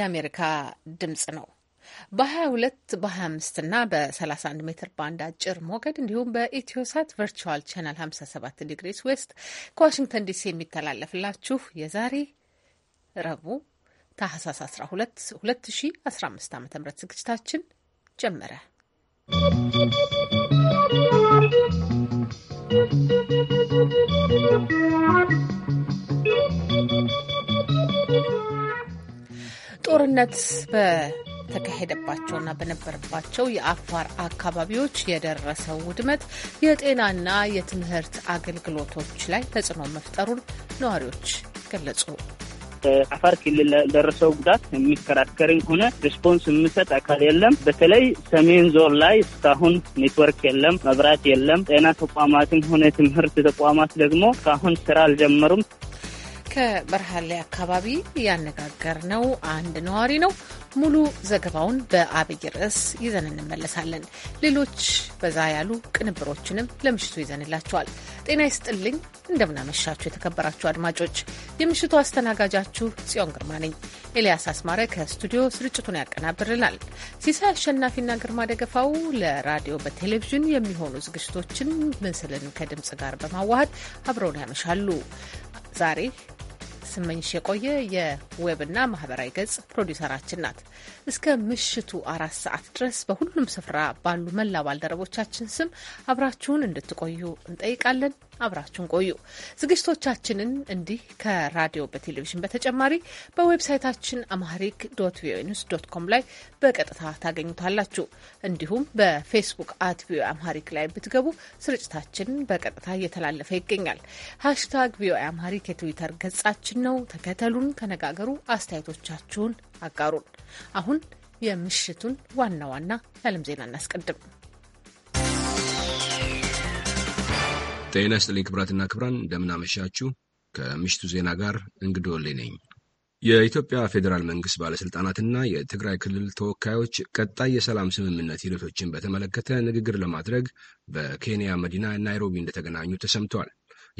የአሜሪካ ድምጽ ነው። በ22 በ25 እና በ31 ሜትር ባንድ አጭር ሞገድ እንዲሁም በኢትዮሳት ቨርቹዋል ቻናል 57 ዲግሪስ ዌስት ከዋሽንግተን ዲሲ የሚተላለፍላችሁ የዛሬ ረቡዕ ታህሳስ 12 2015 ዓ ም ዝግጅታችን ጀመረ። ¶¶ ጦርነት በተካሄደባቸውና በነበረባቸው የአፋር አካባቢዎች የደረሰው ውድመት የጤናና የትምህርት አገልግሎቶች ላይ ተጽዕኖ መፍጠሩን ነዋሪዎች ገለጹ። አፋር ክልል ደረሰው ጉዳት የሚከራከርም ሆነ ሪስፖንስ የሚሰጥ አካል የለም። በተለይ ሰሜን ዞን ላይ እስካሁን ኔትወርክ የለም፣ መብራት የለም። ጤና ተቋማትም ሆነ ትምህርት ተቋማት ደግሞ እስካሁን ስራ አልጀመሩም። ከበርሃሌ አካባቢ ነው አንድ ነዋሪ ነው። ሙሉ ዘገባውን በአብይ ርዕስ ይዘን እንመለሳለን። ሌሎች በዛ ያሉ ቅንብሮችንም ለምሽቱ ይዘንላቸዋል። ጤና ይስጥልኝ፣ እንደምናመሻችሁ የተከበራችሁ አድማጮች፣ የምሽቱ አስተናጋጃችሁ ጽዮን ግርማ ነኝ። ኤልያስ አስማረ ከስቱዲዮ ስርጭቱን ያቀናብርናል። ሲሳይ አሸናፊና ግርማ ደገፋው ለራዲዮ በቴሌቪዥን የሚሆኑ ዝግጅቶችን ምስልን ከድምጽ ጋር በማዋሃድ አብረውን ያመሻሉ። ዛሬ ስመኝሽ የቆየ የዌብና ማህበራዊ ገጽ ፕሮዲውሰራችን ናት። እስከ ምሽቱ አራት ሰዓት ድረስ በሁሉም ስፍራ ባሉ መላ ባልደረቦቻችን ስም አብራችሁን እንድትቆዩ እንጠይቃለን። አብራችሁን ቆዩ። ዝግጅቶቻችንን እንዲህ ከራዲዮ በቴሌቪዥን በተጨማሪ በዌብሳይታችን አማሪክ ዶት ቪኦኤ ኒውስ ዶት ኮም ላይ በቀጥታ ታገኙታላችሁ። እንዲሁም በፌስቡክ አት ቪኦኤ አማሪክ ላይ ብትገቡ ስርጭታችን በቀጥታ እየተላለፈ ይገኛል። ሃሽታግ ቪኦኤ አማሪክ የትዊተር ገጻችን ነው። ተከተሉን፣ ተነጋገሩ፣ አስተያየቶቻችሁን አጋሩን። አሁን የምሽቱን ዋና ዋና የዓለም ዜና እናስቀድም። ጤና ይስጥልኝ ክብራትና ክብራን፣ እንደምናመሻችሁ። ከምሽቱ ዜና ጋር እንግዶ ወሌ ነኝ። የኢትዮጵያ ፌዴራል መንግስት ባለሥልጣናትና የትግራይ ክልል ተወካዮች ቀጣይ የሰላም ስምምነት ሂደቶችን በተመለከተ ንግግር ለማድረግ በኬንያ መዲና ናይሮቢ እንደተገናኙ ተሰምቷል።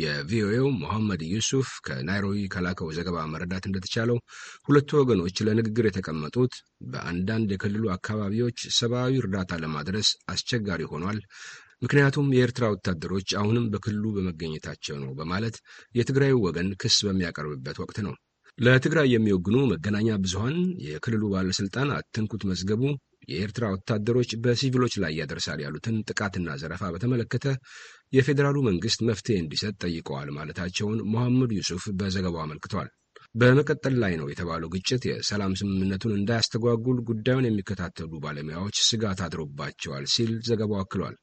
የቪኦኤው መሐመድ ዩሱፍ ከናይሮቢ ከላከው ዘገባ መረዳት እንደተቻለው ሁለቱ ወገኖች ለንግግር የተቀመጡት በአንዳንድ የክልሉ አካባቢዎች ሰብአዊ እርዳታ ለማድረስ አስቸጋሪ ሆኗል፣ ምክንያቱም የኤርትራ ወታደሮች አሁንም በክልሉ በመገኘታቸው ነው በማለት የትግራዩ ወገን ክስ በሚያቀርብበት ወቅት ነው። ለትግራይ የሚወግኑ መገናኛ ብዙሃን የክልሉ ባለሥልጣን አትንኩት መዝገቡ የኤርትራ ወታደሮች በሲቪሎች ላይ ያደርሳል ያሉትን ጥቃትና ዘረፋ በተመለከተ የፌዴራሉ መንግስት መፍትሄ እንዲሰጥ ጠይቀዋል ማለታቸውን መሐመድ ዩሱፍ በዘገባው አመልክቷል። በመቀጠል ላይ ነው የተባለው ግጭት የሰላም ስምምነቱን እንዳያስተጓጉል ጉዳዩን የሚከታተሉ ባለሙያዎች ስጋት አድሮባቸዋል ሲል ዘገባው አክሏል።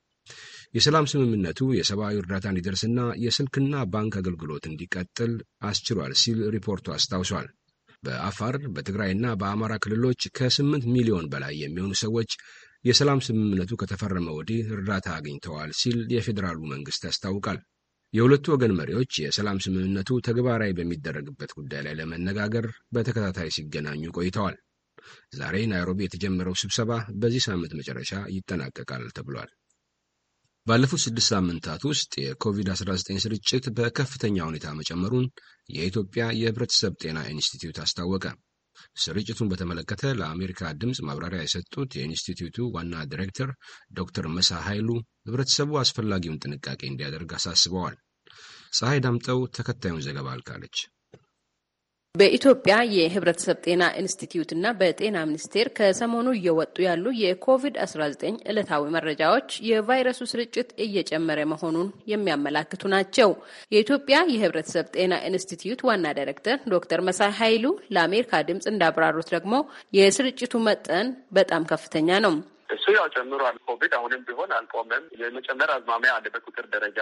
የሰላም ስምምነቱ የሰብአዊ እርዳታ እንዲደርስና የስልክና ባንክ አገልግሎት እንዲቀጥል አስችሏል ሲል ሪፖርቱ አስታውሷል። በአፋር በትግራይና በአማራ ክልሎች ከ8 ሚሊዮን በላይ የሚሆኑ ሰዎች የሰላም ስምምነቱ ከተፈረመ ወዲህ እርዳታ አግኝተዋል ሲል የፌዴራሉ መንግስት አስታውቃል። የሁለቱ ወገን መሪዎች የሰላም ስምምነቱ ተግባራዊ በሚደረግበት ጉዳይ ላይ ለመነጋገር በተከታታይ ሲገናኙ ቆይተዋል። ዛሬ ናይሮቢ የተጀመረው ስብሰባ በዚህ ሳምንት መጨረሻ ይጠናቀቃል ተብሏል። ባለፉት ስድስት ሳምንታት ውስጥ የኮቪድ-19 ስርጭት በከፍተኛ ሁኔታ መጨመሩን የኢትዮጵያ የህብረተሰብ ጤና ኢንስቲትዩት አስታወቀ። ስርጭቱን በተመለከተ ለአሜሪካ ድምፅ ማብራሪያ የሰጡት የኢንስቲትዩቱ ዋና ዲሬክተር ዶክተር መሳ ኃይሉ ህብረተሰቡ አስፈላጊውን ጥንቃቄ እንዲያደርግ አሳስበዋል። ፀሐይ ዳምጠው ተከታዩን ዘገባ አልካለች። በኢትዮጵያ የህብረተሰብ ጤና ኢንስቲትዩት እና በጤና ሚኒስቴር ከሰሞኑ እየወጡ ያሉ የኮቪድ-19 ዕለታዊ መረጃዎች የቫይረሱ ስርጭት እየጨመረ መሆኑን የሚያመላክቱ ናቸው። የኢትዮጵያ የህብረተሰብ ጤና ኢንስቲትዩት ዋና ዳይሬክተር ዶክተር መሳይ ኃይሉ ለአሜሪካ ድምፅ እንዳብራሩት ደግሞ የስርጭቱ መጠን በጣም ከፍተኛ ነው። እሱ ያው ጨምሯል። ኮቪድ አሁንም ቢሆን አልቆመም። የመጨመር አዝማሚያ አለ። በቁጥር ደረጃ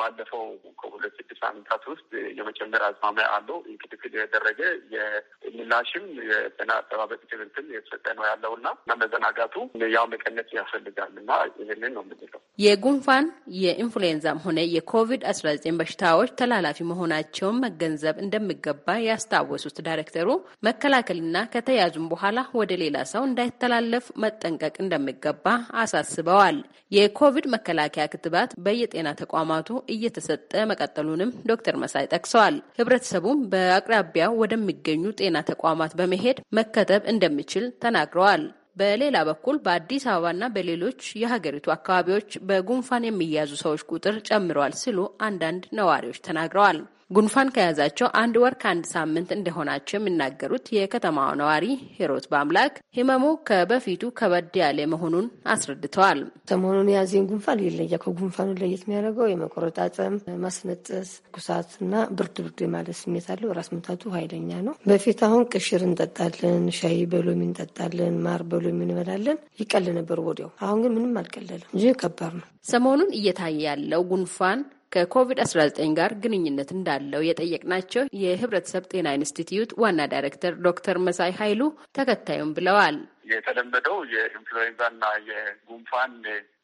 ባለፈው ከሁለት ስድስት ሳምንታት ውስጥ የመጨመር አዝማሚያ አለው። ክትትል የደረገ የምላሽም የጤና አጠባበቅ ትምህርትም የተሰጠ ነው ያለው እና መዘናጋቱ ያው መቀነስ ያስፈልጋል እና ይህንን ነው የምንለው። የጉንፋን የኢንፍሉዌንዛም ሆነ የኮቪድ አስራ ዘጠኝ በሽታዎች ተላላፊ መሆናቸውን መገንዘብ እንደሚገባ ያስታወሱት ዳይሬክተሩ መከላከልና ከተያዙም በኋላ ወደ ሌላ ሰው እንዳይተላለፍ መጠንቀቅ እንደሚ እንደሚገባ አሳስበዋል። የኮቪድ መከላከያ ክትባት በየጤና ተቋማቱ እየተሰጠ መቀጠሉንም ዶክተር መሳይ ጠቅሰዋል። ህብረተሰቡም በአቅራቢያው ወደሚገኙ ጤና ተቋማት በመሄድ መከተብ እንደሚችል ተናግረዋል። በሌላ በኩል በአዲስ አበባና በሌሎች የሀገሪቱ አካባቢዎች በጉንፋን የሚያዙ ሰዎች ቁጥር ጨምረዋል ሲሉ አንዳንድ ነዋሪዎች ተናግረዋል። ጉንፋን ከያዛቸው አንድ ወር ከአንድ ሳምንት እንደሆናቸው የሚናገሩት የከተማዋ ነዋሪ ሄሮት በአምላክ ህመሙ ከበፊቱ ከበድ ያለ መሆኑን አስረድተዋል። ሰሞኑን የያዘኝ ጉንፋን ይለያ ከጉንፋኑ ለየት የሚያደርገው የመቆረጣጠም ማስነጠስ፣ ኩሳት እና ብርድ ብርድ ማለት ስሜት አለው። ራስ ምታቱ ኃይለኛ ነው። በፊት አሁን ቅሽር እንጠጣለን፣ ሻይ በሎሚ እንጠጣለን፣ ማር በሎሚ እንበላለን። ይቀል ነበር ወዲያው። አሁን ግን ምንም አልቀለለም እንጂ ከባድ ነው። ሰሞኑን እየታየ ያለው ጉንፋን ከኮቪድ-19 ጋር ግንኙነት እንዳለው የጠየቅናቸው የህብረተሰብ ጤና ኢንስቲትዩት ዋና ዳይሬክተር ዶክተር መሳይ ኃይሉ ተከታዩም ብለዋል። የተለመደው የኢንፍሉዌንዛና የጉንፋን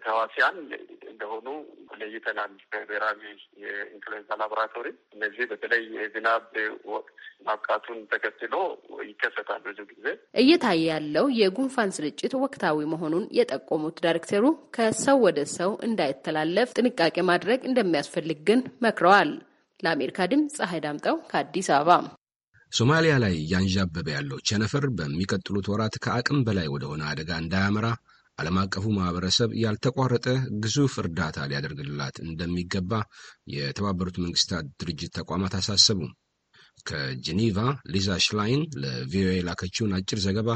ተዋሲያን እንደሆኑ ለይተናል። በብሔራዊ የኢንፍሉዌንዛ ላቦራቶሪ እነዚህ በተለይ የዝናብ ወቅት ማብቃቱን ተከትሎ ይከሰታል። ብዙ ጊዜ እየታየ ያለው የጉንፋን ስርጭት ወቅታዊ መሆኑን የጠቆሙት ዳይሬክተሩ ከሰው ወደ ሰው እንዳይተላለፍ ጥንቃቄ ማድረግ እንደሚያስፈልግ ግን መክረዋል። ለአሜሪካ ድምፅ ፀሐይ ዳምጠው ከአዲስ አበባ ሶማሊያ ላይ እያንዣበበ ያለው ቸነፈር በሚቀጥሉት ወራት ከአቅም በላይ ወደሆነ አደጋ እንዳያመራ ዓለም አቀፉ ማህበረሰብ ያልተቋረጠ ግዙፍ እርዳታ ሊያደርግላት እንደሚገባ የተባበሩት መንግስታት ድርጅት ተቋማት አሳሰቡ። ከጄኔቫ ሊዛ ሽላይን ለቪኦኤ ላከችውን አጭር ዘገባ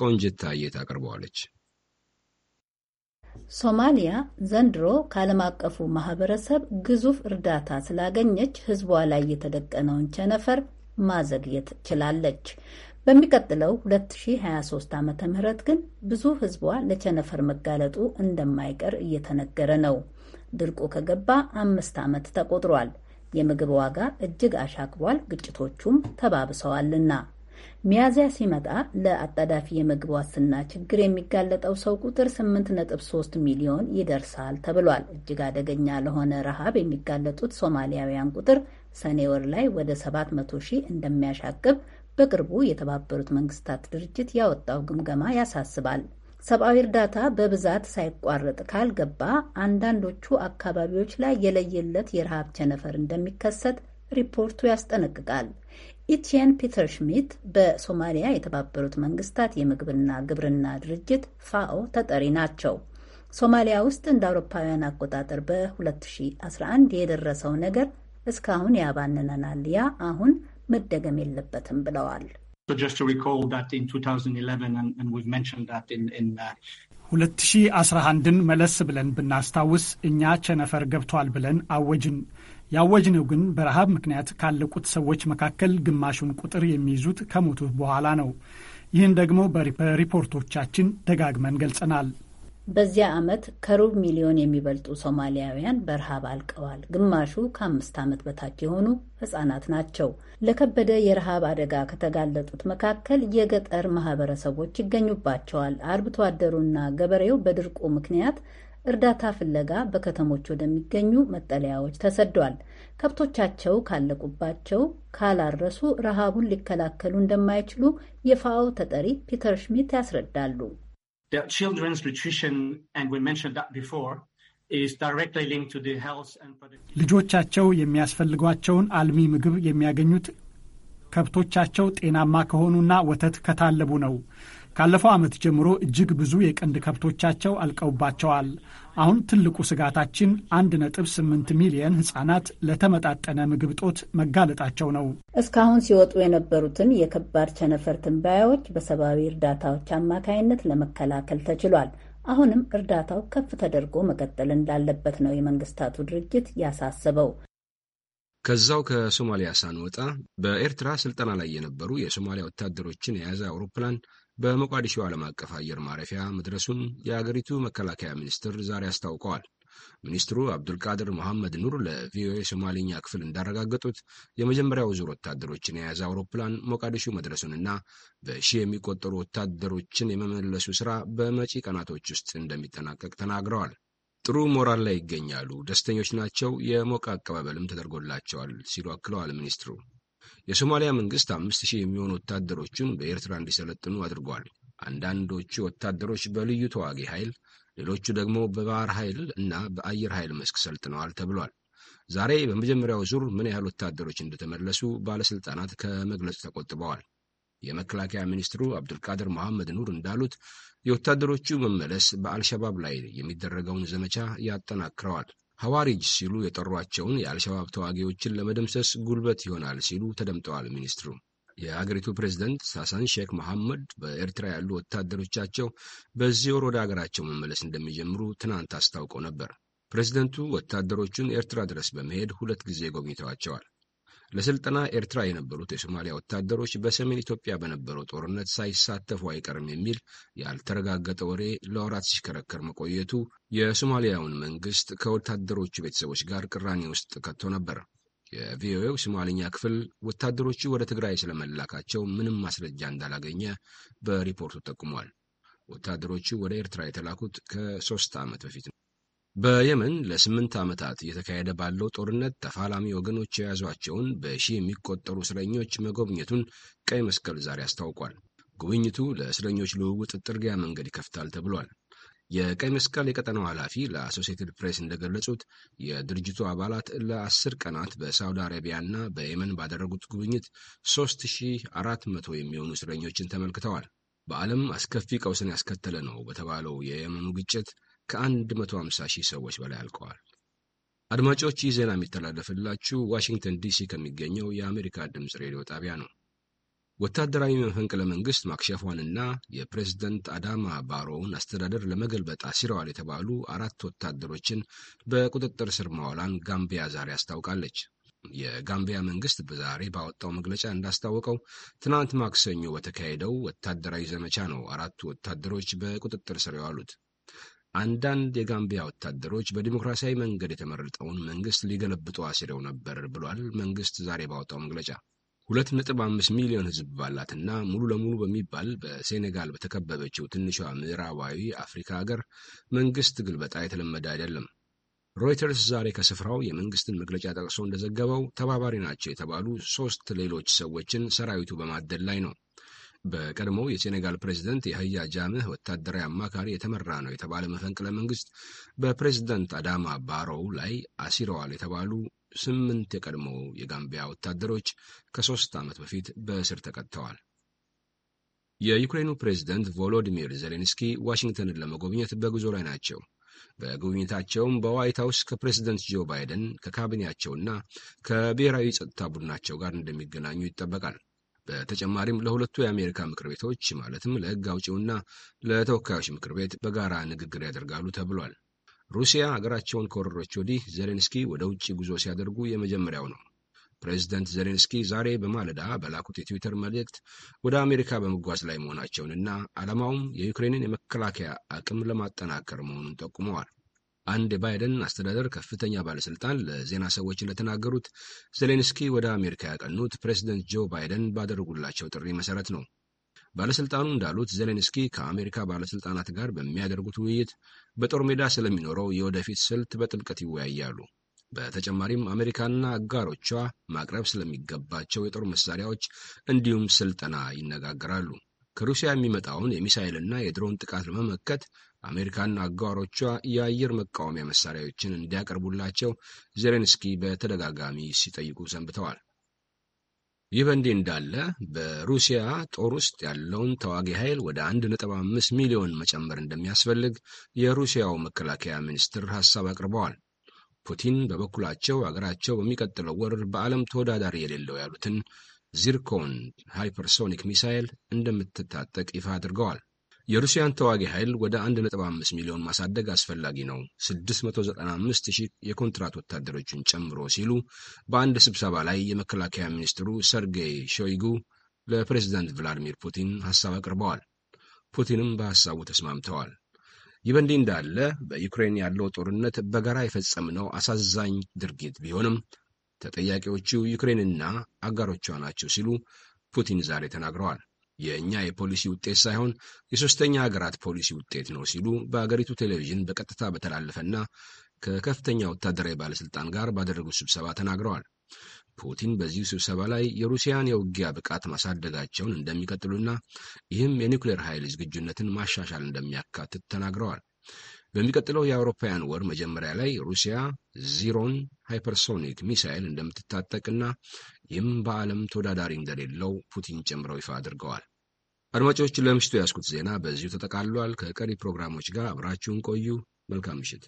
ቆንጅት ታየት አቅርበዋለች። ሶማሊያ ዘንድሮ ከዓለም አቀፉ ማህበረሰብ ግዙፍ እርዳታ ስላገኘች ህዝቧ ላይ የተደቀነውን ቸነፈር ማዘግየት ችላለች። በሚቀጥለው 2023 ዓ ም ግን ብዙ ህዝቧ ለቸነፈር መጋለጡ እንደማይቀር እየተነገረ ነው። ድርቁ ከገባ አምስት ዓመት ተቆጥሯል። የምግብ ዋጋ እጅግ አሻቅቧል፣ ግጭቶቹም ተባብሰዋልና። ሚያዚያ ሲመጣ ለአጣዳፊ የምግብ ዋስትና ችግር የሚጋለጠው ሰው ቁጥር 8.3 ሚሊዮን ይደርሳል ተብሏል። እጅግ አደገኛ ለሆነ ረሃብ የሚጋለጡት ሶማሊያውያን ቁጥር ሰኔ ወር ላይ ወደ 700 ሺህ እንደሚያሻቅብ በቅርቡ የተባበሩት መንግስታት ድርጅት ያወጣው ግምገማ ያሳስባል። ሰብአዊ እርዳታ በብዛት ሳይቋረጥ ካልገባ አንዳንዶቹ አካባቢዎች ላይ የለየለት የረሃብ ቸነፈር እንደሚከሰት ሪፖርቱ ያስጠነቅቃል። ኢቲየን ፒተር ሽሚት በሶማሊያ የተባበሩት መንግስታት የምግብና ግብርና ድርጅት ፋኦ ተጠሪ ናቸው። ሶማሊያ ውስጥ እንደ አውሮፓውያን አቆጣጠር በ2011 የደረሰው ነገር እስካሁን ያባንነናል። ያ አሁን መደገም የለበትም ብለዋል። 2011ን uh, መለስ ብለን ብናስታውስ እኛ ቸነፈር ገብቷል ብለን አወጅን። ያወጅነው ግን በረሃብ ምክንያት ካለቁት ሰዎች መካከል ግማሹን ቁጥር የሚይዙት ከሞቱ በኋላ ነው። ይህን ደግሞ በሪፖርቶቻችን ደጋግመን ገልጸናል። በዚያ ዓመት ከሩብ ሚሊዮን የሚበልጡ ሶማሊያውያን በረሃብ አልቀዋል። ግማሹ ከአምስት ዓመት በታች የሆኑ ህጻናት ናቸው። ለከበደ የረሃብ አደጋ ከተጋለጡት መካከል የገጠር ማህበረሰቦች ይገኙባቸዋል። አርብቶ አደሩና ገበሬው በድርቁ ምክንያት እርዳታ ፍለጋ በከተሞች ወደሚገኙ መጠለያዎች ተሰዷል። ከብቶቻቸው ካለቁባቸው ካላረሱ ረሃቡን ሊከላከሉ እንደማይችሉ የፋኦ ተጠሪ ፒተር ሽሚት ያስረዳሉ። The children's nutrition, and we mentioned that before, ልጆቻቸው የሚያስፈልጓቸውን አልሚ ምግብ የሚያገኙት ከብቶቻቸው ጤናማ ከሆኑና ወተት ከታለቡ ነው። ካለፈው ዓመት ጀምሮ እጅግ ብዙ የቀንድ ከብቶቻቸው አልቀውባቸዋል። አሁን ትልቁ ስጋታችን ነጥብ ስምንት ሚሊየን ህጻናት ለተመጣጠነ ምግብ ጦት መጋለጣቸው ነው። እስካሁን ሲወጡ የነበሩትን የከባድ ቸነፈር ትንባያዎች በሰብአዊ እርዳታዎች አማካይነት ለመከላከል ተችሏል። አሁንም እርዳታው ከፍ ተደርጎ መቀጠል እንዳለበት ነው የመንግስታቱ ድርጅት ያሳስበው። ከዛው ከሶማሊያ ሳንወጣ በኤርትራ ስልጠና ላይ የነበሩ የሶማሊያ ወታደሮችን የያዘ አውሮፕላን በሞቃዲሾ ዓለም አቀፍ አየር ማረፊያ መድረሱን የአገሪቱ መከላከያ ሚኒስትር ዛሬ አስታውቀዋል። ሚኒስትሩ አብዱልቃድር መሐመድ ኑር ለቪኦኤ ሶማሌኛ ክፍል እንዳረጋገጡት የመጀመሪያው ዙር ወታደሮችን የያዘ አውሮፕላን ሞቃዲሾ መድረሱንና በሺህ የሚቆጠሩ ወታደሮችን የመመለሱ ሥራ በመጪ ቀናቶች ውስጥ እንደሚጠናቀቅ ተናግረዋል። ጥሩ ሞራል ላይ ይገኛሉ፣ ደስተኞች ናቸው፣ የሞቀ አቀባበልም ተደርጎላቸዋል ሲሉ አክለዋል ሚኒስትሩ የሶማሊያ መንግስት አምስት ሺህ የሚሆኑ ወታደሮቹን በኤርትራ እንዲሰለጥኑ አድርጓል። አንዳንዶቹ ወታደሮች በልዩ ተዋጊ ኃይል፣ ሌሎቹ ደግሞ በባህር ኃይል እና በአየር ኃይል መስክ ሰልጥነዋል ተብሏል። ዛሬ በመጀመሪያው ዙር ምን ያህል ወታደሮች እንደተመለሱ ባለሥልጣናት ከመግለጽ ተቆጥበዋል። የመከላከያ ሚኒስትሩ አብዱልቃድር መሐመድ ኑር እንዳሉት የወታደሮቹ መመለስ በአልሸባብ ላይ የሚደረገውን ዘመቻ ያጠናክረዋል። ሐዋሪጅ ሲሉ የጠሯቸውን የአልሸባብ ተዋጊዎችን ለመደምሰስ ጉልበት ይሆናል ሲሉ ተደምጠዋል ሚኒስትሩ። የአገሪቱ ፕሬዝደንት ሳሳን ሼክ መሐመድ በኤርትራ ያሉ ወታደሮቻቸው በዚህ ወር ወደ አገራቸው መመለስ እንደሚጀምሩ ትናንት አስታውቀው ነበር። ፕሬዝደንቱ ወታደሮቹን ኤርትራ ድረስ በመሄድ ሁለት ጊዜ ጎብኝተዋቸዋል። ለስልጠና ኤርትራ የነበሩት የሶማሊያ ወታደሮች በሰሜን ኢትዮጵያ በነበረው ጦርነት ሳይሳተፉ አይቀርም የሚል ያልተረጋገጠ ወሬ ለወራት ሲሽከረከር መቆየቱ የሶማሊያውን መንግስት ከወታደሮቹ ቤተሰቦች ጋር ቅራኔ ውስጥ ከቶ ነበር። የቪኦኤው ሶማልኛ ክፍል ወታደሮቹ ወደ ትግራይ ስለመላካቸው ምንም ማስረጃ እንዳላገኘ በሪፖርቱ ጠቁሟል። ወታደሮቹ ወደ ኤርትራ የተላኩት ከሶስት ዓመት በፊት ነው። በየመን ለስምንት ዓመታት እየተካሄደ ባለው ጦርነት ተፋላሚ ወገኖች የያዟቸውን በሺ የሚቆጠሩ እስረኞች መጎብኘቱን ቀይ መስቀል ዛሬ አስታውቋል። ጉብኝቱ ለእስረኞች ልውውጥ ጥርጊያ መንገድ ይከፍታል ተብሏል። የቀይ መስቀል የቀጠናው ኃላፊ ለአሶሴትድ ፕሬስ እንደገለጹት የድርጅቱ አባላት ለአስር ቀናት በሳውዲ አረቢያና በየመን ባደረጉት ጉብኝት 3400 የሚሆኑ እስረኞችን ተመልክተዋል። በዓለም አስከፊ ቀውስን ያስከተለ ነው በተባለው የየመኑ ግጭት ከ150 ሺህ ሰዎች በላይ አልቀዋል። አድማጮች ይህ ዜና የሚተላለፍላችሁ ዋሽንግተን ዲሲ ከሚገኘው የአሜሪካ ድምፅ ሬዲዮ ጣቢያ ነው። ወታደራዊ መፈንቅለ መንግሥት ማክሸፏንና የፕሬዝደንት አዳማ ባሮውን አስተዳደር ለመገልበጥ አሲረዋል የተባሉ አራት ወታደሮችን በቁጥጥር ስር ማዋሏን ጋምቢያ ዛሬ አስታውቃለች። የጋምቢያ መንግሥት በዛሬ ባወጣው መግለጫ እንዳስታወቀው ትናንት ማክሰኞ በተካሄደው ወታደራዊ ዘመቻ ነው አራቱ ወታደሮች በቁጥጥር ስር የዋሉት። አንዳንድ የጋምቢያ ወታደሮች በዲሞክራሲያዊ መንገድ የተመረጠውን መንግሥት ሊገለብጡ አስረው ነበር ብሏል መንግሥት ዛሬ ባወጣው መግለጫ። አምስት ሚሊዮን ህዝብ ባላትና ሙሉ ለሙሉ በሚባል በሴኔጋል በተከበበችው ትንሿ ምዕራባዊ አፍሪካ ሀገር መንግሥት ግልበጣ የተለመደ አይደለም። ሮይተርስ ዛሬ ከስፍራው የመንግሥትን መግለጫ ጠቅሶ እንደዘገበው ተባባሪ ናቸው የተባሉ ሦስት ሌሎች ሰዎችን ሰራዊቱ በማደን ላይ ነው። በቀድሞው የሴኔጋል ፕሬዚደንት የህያ ጃምህ ወታደራዊ አማካሪ የተመራ ነው የተባለ መፈንቅለ መንግስት በፕሬዚደንት አዳማ ባሮው ላይ አሲረዋል የተባሉ ስምንት የቀድሞ የጋምቢያ ወታደሮች ከሶስት ዓመት በፊት በእስር ተቀጥተዋል። የዩክሬኑ ፕሬዚደንት ቮሎዲሚር ዜሌንስኪ ዋሽንግተንን ለመጎብኘት በጉዞ ላይ ናቸው። በጉብኝታቸውም በዋይት ሀውስ ከፕሬዚደንት ጆ ባይደን ከካቢኔያቸውና ከብሔራዊ ጸጥታ ቡድናቸው ጋር እንደሚገናኙ ይጠበቃል። በተጨማሪም ለሁለቱ የአሜሪካ ምክር ቤቶች ማለትም ለሕግ አውጪውና ለተወካዮች ምክር ቤት በጋራ ንግግር ያደርጋሉ ተብሏል። ሩሲያ ሀገራቸውን ከወረሮች ወዲህ ዜሌንስኪ ወደ ውጭ ጉዞ ሲያደርጉ የመጀመሪያው ነው። ፕሬዚደንት ዜሌንስኪ ዛሬ በማለዳ በላኩት የትዊተር መልእክት ወደ አሜሪካ በመጓዝ ላይ መሆናቸውንና ዓላማውም የዩክሬንን የመከላከያ አቅም ለማጠናከር መሆኑን ጠቁመዋል። አንድ የባይደን አስተዳደር ከፍተኛ ባለስልጣን ለዜና ሰዎች እንደተናገሩት ዜሌንስኪ ወደ አሜሪካ ያቀኑት ፕሬዚደንት ጆ ባይደን ባደረጉላቸው ጥሪ መሰረት ነው። ባለስልጣኑ እንዳሉት ዜሌንስኪ ከአሜሪካ ባለስልጣናት ጋር በሚያደርጉት ውይይት በጦር ሜዳ ስለሚኖረው የወደፊት ስልት በጥልቀት ይወያያሉ። በተጨማሪም አሜሪካና አጋሮቿ ማቅረብ ስለሚገባቸው የጦር መሳሪያዎች እንዲሁም ስልጠና ይነጋገራሉ። ከሩሲያ የሚመጣውን የሚሳይልና የድሮን ጥቃት ለመመከት አሜሪካና አጋሮቿ የአየር መቃወሚያ መሳሪያዎችን እንዲያቀርቡላቸው ዜሌንስኪ በተደጋጋሚ ሲጠይቁ ሰንብተዋል። ይህ በእንዲህ እንዳለ በሩሲያ ጦር ውስጥ ያለውን ተዋጊ ኃይል ወደ 1.5 ሚሊዮን መጨመር እንደሚያስፈልግ የሩሲያው መከላከያ ሚኒስትር ሐሳብ አቅርበዋል። ፑቲን በበኩላቸው አገራቸው በሚቀጥለው ወር በዓለም ተወዳዳሪ የሌለው ያሉትን ዚርኮን ሃይፐርሶኒክ ሚሳይል እንደምትታጠቅ ይፋ አድርገዋል። የሩሲያን ተዋጊ ኃይል ወደ 1.5 ሚሊዮን ማሳደግ አስፈላጊ ነው 695 ሺህ የኮንትራት ወታደሮችን ጨምሮ ሲሉ በአንድ ስብሰባ ላይ የመከላከያ ሚኒስትሩ ሰርጌይ ሾይጉ ለፕሬዚዳንት ቭላዲሚር ፑቲን ሐሳብ አቅርበዋል። ፑቲንም በሐሳቡ ተስማምተዋል። ይህ በእንዲህ እንዳለ በዩክሬን ያለው ጦርነት በጋራ የፈጸምነው አሳዛኝ ድርጊት ቢሆንም ተጠያቂዎቹ ዩክሬንና አጋሮቿ ናቸው ሲሉ ፑቲን ዛሬ ተናግረዋል። የእኛ የፖሊሲ ውጤት ሳይሆን የሶስተኛ ሀገራት ፖሊሲ ውጤት ነው ሲሉ በአገሪቱ ቴሌቪዥን በቀጥታ በተላለፈና ከከፍተኛ ወታደራዊ ባለስልጣን ጋር ባደረጉት ስብሰባ ተናግረዋል። ፑቲን በዚህ ስብሰባ ላይ የሩሲያን የውጊያ ብቃት ማሳደጋቸውን እንደሚቀጥሉና ይህም የኒውክሌር ኃይል ዝግጁነትን ማሻሻል እንደሚያካትት ተናግረዋል። በሚቀጥለው የአውሮፓውያን ወር መጀመሪያ ላይ ሩሲያ ዚሮን ሃይፐርሶኒክ ሚሳይል እንደምትታጠቅና ይህም በዓለም ተወዳዳሪ እንደሌለው ፑቲን ጨምረው ይፋ አድርገዋል። አድማጮች፣ ለምሽቱ ያስኩት ዜና በዚሁ ተጠቃልሏል። ከቀሪ ፕሮግራሞች ጋር አብራችሁን ቆዩ። መልካም ምሽት።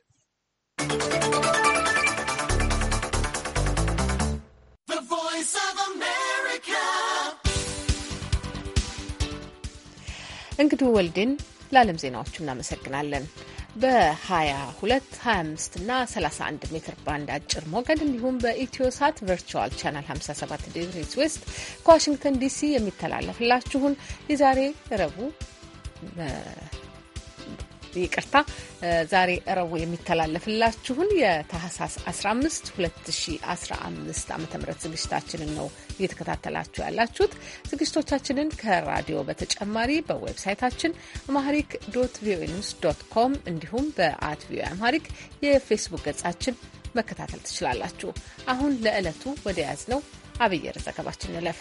እንግዲህ ወልድን ለዓለም ዜናዎቹ እናመሰግናለን። በ22፣ 25 እና 31 ሜትር ባንድ አጭር ሞገድ እንዲሁም በኢትዮ ሳት ቨርቹዋል ቻናል 57 ዲግሪ ዌስት ከዋሽንግተን ዲሲ የሚተላለፍላችሁን የዛሬ ረቡዕ ይቅርታ ዛሬ ረቡ የሚተላለፍላችሁን የታህሳስ 15 2015 ዓ ም ዝግጅታችንን ነው እየተከታተላችሁ ያላችሁት። ዝግጅቶቻችንን ከራዲዮ በተጨማሪ በዌብሳይታችን አማሪክ ዶት ቪኦኤ ኒውስ ዶት ኮም እንዲሁም በአት ቪኦኤ አማሪክ የፌስቡክ ገጻችን መከታተል ትችላላችሁ። አሁን ለዕለቱ ወደ ያዝነው ነው አብየር ዘገባችን እንለፍ።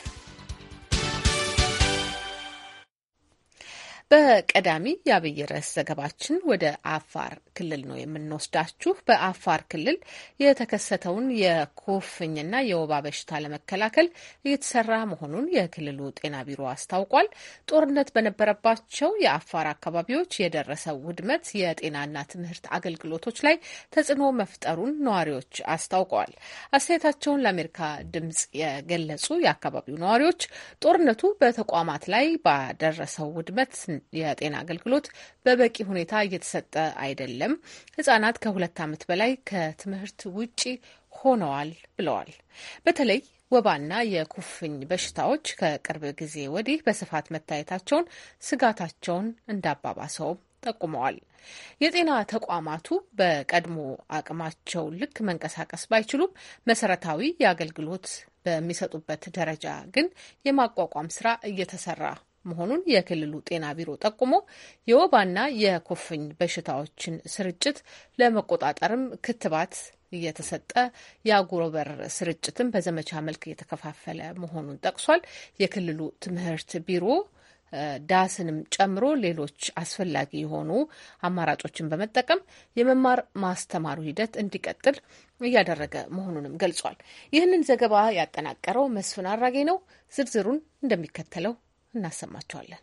በቀዳሚ የአብይ ርዕስ ዘገባችን ወደ አፋር ክልል ነው የምንወስዳችሁ። በአፋር ክልል የተከሰተውን የኩፍኝና የወባ በሽታ ለመከላከል እየተሰራ መሆኑን የክልሉ ጤና ቢሮ አስታውቋል። ጦርነት በነበረባቸው የአፋር አካባቢዎች የደረሰው ውድመት የጤናና ትምህርት አገልግሎቶች ላይ ተጽዕኖ መፍጠሩን ነዋሪዎች አስታውቀዋል። አስተያየታቸውን ለአሜሪካ ድምጽ የገለጹ የአካባቢው ነዋሪዎች ጦርነቱ በተቋማት ላይ ባደረሰው ውድመት የጤና አገልግሎት በበቂ ሁኔታ እየተሰጠ አይደለም ዓለም ህጻናት ከሁለት ዓመት በላይ ከትምህርት ውጪ ሆነዋል ብለዋል። በተለይ ወባና የኩፍኝ በሽታዎች ከቅርብ ጊዜ ወዲህ በስፋት መታየታቸውን ስጋታቸውን እንዳባባሰውም ጠቁመዋል። የጤና ተቋማቱ በቀድሞ አቅማቸው ልክ መንቀሳቀስ ባይችሉም መሰረታዊ የአገልግሎት በሚሰጡበት ደረጃ ግን የማቋቋም ስራ እየተሰራ መሆኑን የክልሉ ጤና ቢሮ ጠቁሞ የወባና የኩፍኝ በሽታዎችን ስርጭት ለመቆጣጠርም ክትባት እየተሰጠ የአጉሮበር ስርጭትም በዘመቻ መልክ እየተከፋፈለ መሆኑን ጠቅሷል። የክልሉ ትምህርት ቢሮ ዳስንም ጨምሮ ሌሎች አስፈላጊ የሆኑ አማራጮችን በመጠቀም የመማር ማስተማሩ ሂደት እንዲቀጥል እያደረገ መሆኑንም ገልጿል። ይህንን ዘገባ ያጠናቀረው መስፍን አራጌ ነው። ዝርዝሩን እንደሚከተለው እናሰማችኋለን።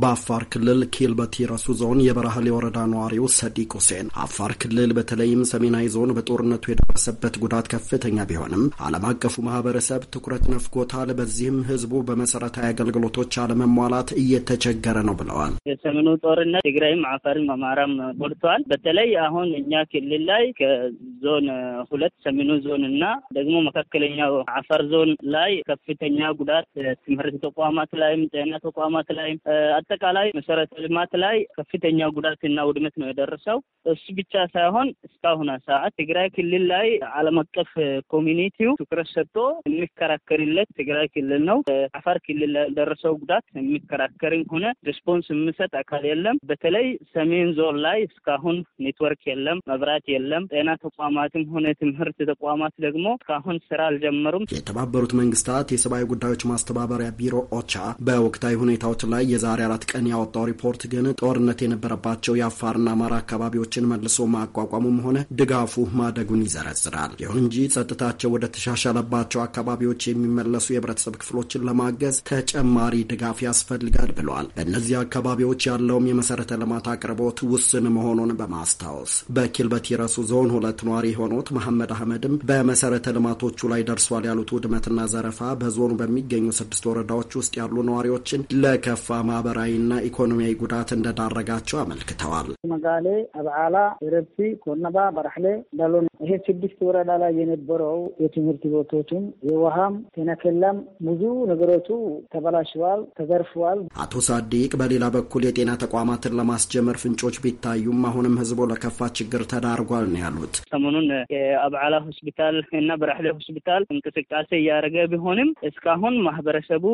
በአፋር ክልል ኬልበቲ ረሱ ዞን የበረሃሌ ወረዳ ነዋሪው ሰዲቅ ሁሴን አፋር ክልል በተለይም ሰሜናዊ ዞን በጦርነቱ የደረሰበት ጉዳት ከፍተኛ ቢሆንም ዓለም አቀፉ ማህበረሰብ ትኩረት ነፍጎታል። በዚህም ህዝቡ በመሰረታዊ አገልግሎቶች አለመሟላት እየተቸገረ ነው ብለዋል። የሰሜኑ ጦርነት ትግራይም አፋርም አማራም ጎድተዋል። በተለይ አሁን እኛ ክልል ላይ ከዞን ሁለት ሰሜኑ ዞን እና ደግሞ መካከለኛው አፋር ዞን ላይ ከፍተኛ ጉዳት ትምህርት ተቋማት ላይም ጤና ተቋማት ላይም በአጠቃላይ መሰረተ ልማት ላይ ከፍተኛ ጉዳትና ውድመት ነው የደረሰው። እሱ ብቻ ሳይሆን እስካሁን ሰዓት ትግራይ ክልል ላይ ዓለም አቀፍ ኮሚኒቲው ትኩረት ሰጥቶ የሚከራከርለት ትግራይ ክልል ነው። አፋር ክልል ላይ ደረሰው ጉዳት የሚከራከርም ሆነ ሪስፖንስ የሚሰጥ አካል የለም። በተለይ ሰሜን ዞን ላይ እስካሁን ኔትወርክ የለም፣ መብራት የለም። ጤና ተቋማትም ሆነ ትምህርት ተቋማት ደግሞ እስካሁን ስራ አልጀመሩም። የተባበሩት መንግስታት የሰብአዊ ጉዳዮች ማስተባበሪያ ቢሮ ኦቻ በወቅታዊ ሁኔታዎች ላይ የዛሬ 24 ቀን ያወጣው ሪፖርት ግን ጦርነት የነበረባቸው የአፋርና አማራ አካባቢዎችን መልሶ ማቋቋሙም ሆነ ድጋፉ ማደጉን ይዘረዝራል። ይሁን እንጂ ጸጥታቸው ወደ ተሻሻለባቸው አካባቢዎች የሚመለሱ የህብረተሰብ ክፍሎችን ለማገዝ ተጨማሪ ድጋፍ ያስፈልጋል ብለል። በእነዚህ አካባቢዎች ያለውም የመሰረተ ልማት አቅርቦት ውስን መሆኑን በማስታወስ በኪልበት ረሱ ዞን ሁለት ነዋሪ የሆኑት መሐመድ አህመድም በመሰረተ ልማቶቹ ላይ ደርሷል ያሉት ውድመትና ዘረፋ በዞኑ በሚገኙ ስድስት ወረዳዎች ውስጥ ያሉ ነዋሪዎችን ለከፋ ማህበር ማህበራዊና ኢኮኖሚያዊ ጉዳት እንደዳረጋቸው አመልክተዋል። መጋሌ፣ አብዓላ፣ ረብሲ፣ ኮነባ፣ በራሕሌ፣ ዳሎን ይሄ ስድስት ወረዳ ላይ የነበረው የትምህርት ቦታዎችም የውሃም ጤና ብዙ ነገሮቹ ተበላሽዋል፣ ተዘርፈዋል። አቶ ሳዲቅ በሌላ በኩል የጤና ተቋማትን ለማስጀመር ፍንጮች ቢታዩም አሁንም ህዝቡ ለከፋ ችግር ተዳርጓል ነው ያሉት። ሰሞኑን የአብዓላ ሆስፒታል እና በራሕሌ ሆስፒታል እንቅስቃሴ እያደረገ ቢሆንም እስካሁን ማህበረሰቡ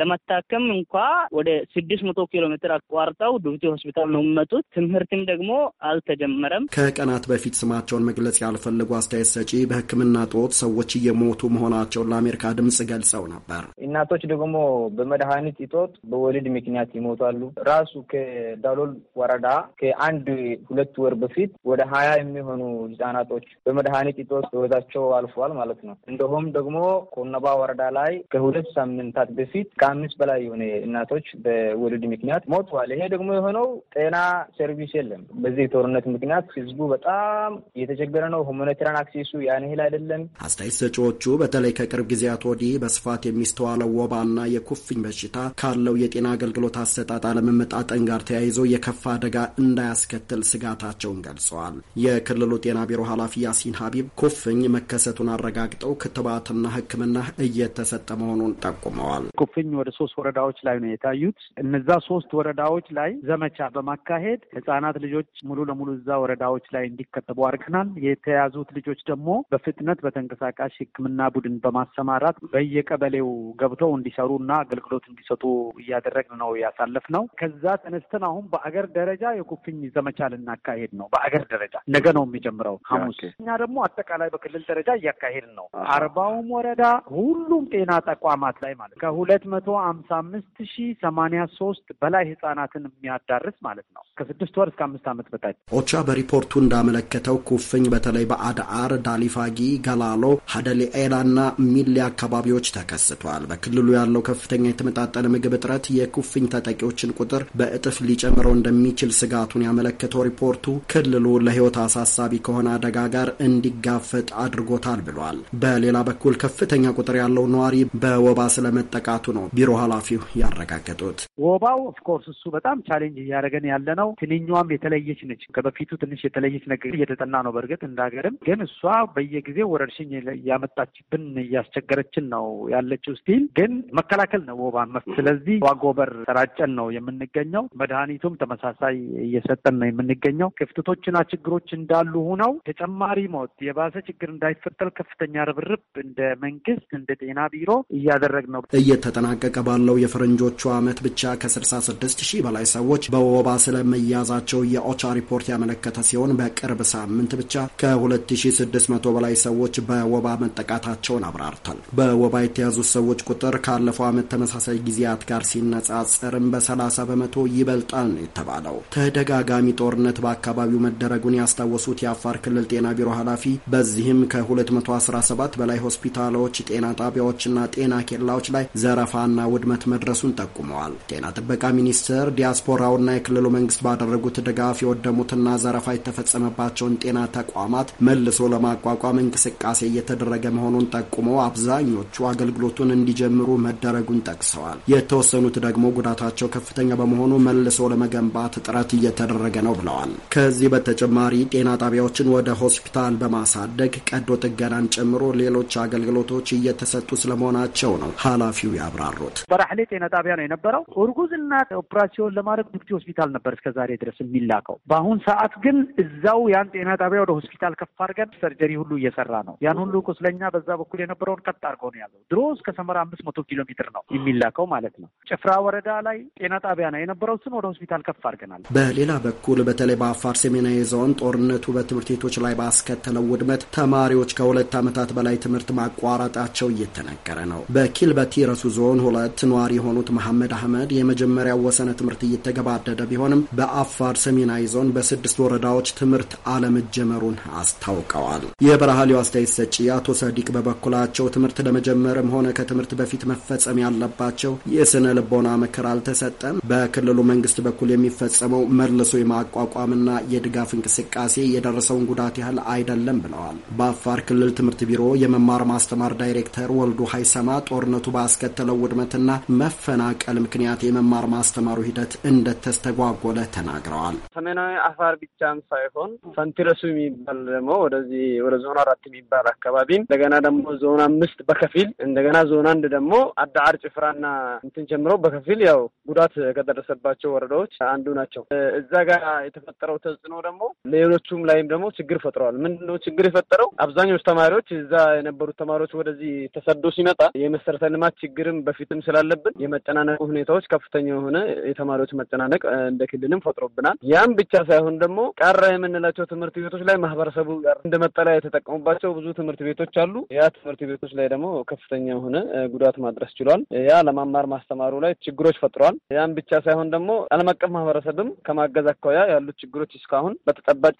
ለመታከም እንኳ ወደ ስድስት መቶ ኪሎ ሜትር አቋርጠው ዱብቲ ሆስፒታል ነው የሚመጡት። ትምህርትም ደግሞ አልተጀመረም። ከቀናት በፊት ስማቸውን መግለጽ ያልፈለጉ አስተያየት ሰጪ በሕክምና ጦት ሰዎች እየሞቱ መሆናቸውን ለአሜሪካ ድምጽ ገልጸው ነበር። እናቶች ደግሞ በመድኃኒት እጦት በወሊድ ምክንያት ይሞታሉ። ራሱ ከዳሎል ወረዳ ከአንድ ሁለት ወር በፊት ወደ ሀያ የሚሆኑ ህጻናቶች በመድኃኒት እጦት ህይወታቸው አልፏል ማለት ነው። እንደሁም ደግሞ ኮነባ ወረዳ ላይ ከሁለት ሳምንታት በፊት ከአምስት በላይ የሆነ እናቶች በወ በትውልድ ምክንያት ሞቷል። ይሄ ደግሞ የሆነው ጤና ሰርቪስ የለም። በዚህ ጦርነት ምክንያት ህዝቡ በጣም እየተቸገረ ነው። ሁማኒታሪያን አክሴሱ ያን ያህል አይደለም። አስተያየት ሰጪዎቹ በተለይ ከቅርብ ጊዜያት ወዲህ በስፋት የሚስተዋለው ወባና የኩፍኝ በሽታ ካለው የጤና አገልግሎት አሰጣጥ አለመመጣጠን ጋር ተያይዞ የከፋ አደጋ እንዳያስከትል ስጋታቸውን ገልጸዋል። የክልሉ ጤና ቢሮ ኃላፊ ያሲን ሀቢብ ኩፍኝ መከሰቱን አረጋግጠው ክትባትና ሕክምና እየተሰጠ መሆኑን ጠቁመዋል። ኩፍኝ ወደ ሶስት ወረዳዎች ላይ ነው የታዩት። እዛ ሶስት ወረዳዎች ላይ ዘመቻ በማካሄድ ህጻናት ልጆች ሙሉ ለሙሉ እዛ ወረዳዎች ላይ እንዲከተቡ አድርገናል። የተያዙት ልጆች ደግሞ በፍጥነት በተንቀሳቃሽ ህክምና ቡድን በማሰማራት በየቀበሌው ገብተው እንዲሰሩ እና አገልግሎት እንዲሰጡ እያደረግን ነው ያሳለፍ ነው። ከዛ ተነስተን አሁን በአገር ደረጃ የኩፍኝ ዘመቻ ልናካሄድ ነው። በአገር ደረጃ ነገ ነው የሚጀምረው ሐሙስ። እኛ ደግሞ አጠቃላይ በክልል ደረጃ እያካሄድ ነው። አርባውም ወረዳ ሁሉም ጤና ተቋማት ላይ ማለት ከሁለት መቶ ሀምሳ አምስት ሺህ ሰማንያ ሶስት ውስጥ በላይ ህጻናትን የሚያዳርስ ማለት ነው ከስድስት ወር እስከ አምስት ዓመት በታች። ኦቻ በሪፖርቱ እንዳመለከተው ኩፍኝ በተለይ በአድአር፣ ዳሊፋጊ፣ ገላሎ፣ ሀደሌ ኤላ እና ሚሌ አካባቢዎች ተከስቷል። በክልሉ ያለው ከፍተኛ የተመጣጠነ ምግብ እጥረት የኩፍኝ ተጠቂዎችን ቁጥር በእጥፍ ሊጨምረው እንደሚችል ስጋቱን ያመለከተው ሪፖርቱ ክልሉ ለህይወት አሳሳቢ ከሆነ አደጋ ጋር እንዲጋፈጥ አድርጎታል ብሏል። በሌላ በኩል ከፍተኛ ቁጥር ያለው ነዋሪ በወባ ስለመጠቃቱ ነው ቢሮ ኃላፊው ያረጋገጡት። ወባው ኦፍኮርስ እሱ በጣም ቻሌንጅ እያደረገን ያለ ነው። ትንኛዋም የተለየች ነች። ከበፊቱ ትንሽ የተለየች ነገር እየተጠና ነው። በእርግጥ እንዳገርም ግን እሷ በየጊዜው ወረርሽኝ እያመጣችብን እያስቸገረችን ነው ያለችው። ስቲል ግን መከላከል ነው ወባን። ስለዚህ ዋጎበር ተራጨን ነው የምንገኘው። መድኃኒቱም ተመሳሳይ እየሰጠን ነው የምንገኘው። ክፍተቶችና ችግሮች እንዳሉ ሁነው ተጨማሪ ሞት የባሰ ችግር እንዳይፈጠል ከፍተኛ ርብርብ እንደ መንግስት እንደ ጤና ቢሮ እያደረግ ነው። እየተጠናቀቀ ባለው የፈረንጆቹ ዓመት ብቻ ከ66 ሺህ በላይ ሰዎች በወባ ስለመያዛቸው የኦቻ ሪፖርት ያመለከተ ሲሆን በቅርብ ሳምንት ብቻ ከ2600 በላይ ሰዎች በወባ መጠቃታቸውን አብራርቷል። በወባ የተያዙት ሰዎች ቁጥር ካለፈው ዓመት ተመሳሳይ ጊዜያት ጋር ሲነጻጸርም በ30 በመቶ ይበልጣል ነው የተባለው። ተደጋጋሚ ጦርነት በአካባቢው መደረጉን ያስታወሱት የአፋር ክልል ጤና ቢሮ ኃላፊ በዚህም ከ217 በላይ ሆስፒታሎች፣ ጤና ጣቢያዎችና ጤና ኬላዎች ላይ ዘረፋና ውድመት መድረሱን ጠቁመዋል። ጤና ጥበቃ ሚኒስቴር ዲያስፖራውና የክልሉ መንግስት ባደረጉት ድጋፍ የወደሙትና ዘረፋ የተፈጸመባቸውን ጤና ተቋማት መልሶ ለማቋቋም እንቅስቃሴ እየተደረገ መሆኑን ጠቁመው አብዛኞቹ አገልግሎቱን እንዲጀምሩ መደረጉን ጠቅሰዋል። የተወሰኑት ደግሞ ጉዳታቸው ከፍተኛ በመሆኑ መልሶ ለመገንባት ጥረት እየተደረገ ነው ብለዋል። ከዚህ በተጨማሪ ጤና ጣቢያዎችን ወደ ሆስፒታል በማሳደግ ቀዶ ጥገናን ጨምሮ ሌሎች አገልግሎቶች እየተሰጡ ስለመሆናቸው ነው ኃላፊው ያብራሩት። በራህሌ ጤና ጣቢያ ነው የነበረው። ክሩዝና ኦፕራሲዮን ለማድረግ ዱብቲ ሆስፒታል ነበር እስከዛሬ ድረስ የሚላከው። በአሁን ሰዓት ግን እዛው ያን ጤና ጣቢያ ወደ ሆስፒታል ከፍ አድርገን ሰርጀሪ ሁሉ እየሰራ ነው። ያን ሁሉ ቁስለኛ በዛ በኩል የነበረውን ቀጥ አድርገው ነው ያለው። ድሮ እስከ ሰመራ አምስት መቶ ኪሎ ሜትር ነው የሚላከው ማለት ነው። ጭፍራ ወረዳ ላይ ጤና ጣቢያ ነው የነበረው። እሱን ወደ ሆስፒታል ከፍ አድርገናል። በሌላ በኩል በተለይ በአፋር ሰሜናዊ ዞን ጦርነቱ በትምህርት ቤቶች ላይ ባስከተለው ውድመት ተማሪዎች ከሁለት ዓመታት በላይ ትምህርት ማቋረጣቸው እየተነገረ ነው። በኪልበቲ ረሱ ዞን ሁለት ነዋሪ የሆኑት መሐመድ አህመድ የመጀመሪያው ወሰነ ትምህርት እየተገባደደ ቢሆንም በአፋር ሰሜናዊ ዞን በስድስት ወረዳዎች ትምህርት አለመጀመሩን አስታውቀዋል። የበረሃሌው አስተያየት ሰጪ አቶ ሰዲቅ በበኩላቸው ትምህርት ለመጀመርም ሆነ ከትምህርት በፊት መፈጸም ያለባቸው የስነ ልቦና ምክር አልተሰጠም። በክልሉ መንግስት በኩል የሚፈጸመው መልሶ የማቋቋምና የድጋፍ እንቅስቃሴ የደረሰውን ጉዳት ያህል አይደለም ብለዋል። በአፋር ክልል ትምህርት ቢሮ የመማር ማስተማር ዳይሬክተር ወልዱ ሀይሰማ ጦርነቱ ባስከተለው ውድመትና መፈናቀል ምክንያት የመማር ማስተማሩ ሂደት እንደተስተጓጎለ ተናግረዋል። ሰሜናዊ አፋር ብቻም ሳይሆን ፈንቲረሱ የሚባል ደግሞ ወደዚህ ወደ ዞን አራት የሚባል አካባቢ እንደገና ደግሞ ዞን አምስት በከፊል እንደገና ዞን አንድ ደግሞ አዳአር ጭፍራና እንትን ጀምሮ በከፊል ያው ጉዳት ከደረሰባቸው ወረዳዎች አንዱ ናቸው። እዛ ጋር የተፈጠረው ተጽዕኖ ደግሞ ሌሎቹም ላይም ደግሞ ችግር ፈጥረዋል። ምንድነው ችግር የፈጠረው? አብዛኞቹ ተማሪዎች እዛ የነበሩት ተማሪዎች ወደዚህ ተሰዶ ሲመጣ የመሰረተ ልማት ችግርም በፊትም ስላለብን የመጨናነቁ ሁኔታዎች ከፍ ከፍተኛ የሆነ የተማሪዎች መጨናነቅ እንደ ክልልም ፈጥሮብናል። ያም ብቻ ሳይሆን ደግሞ ቀረ የምንላቸው ትምህርት ቤቶች ላይ ማህበረሰቡ ጋር እንደ መጠለያ የተጠቀሙባቸው ብዙ ትምህርት ቤቶች አሉ። ያ ትምህርት ቤቶች ላይ ደግሞ ከፍተኛ የሆነ ጉዳት ማድረስ ችሏል። ያ ለማማር ማስተማሩ ላይ ችግሮች ፈጥሯል። ያም ብቻ ሳይሆን ደግሞ ዓለም አቀፍ ማህበረሰብም ከማገዝ አኳያ ያሉት ችግሮች እስካሁን በተጨባጭ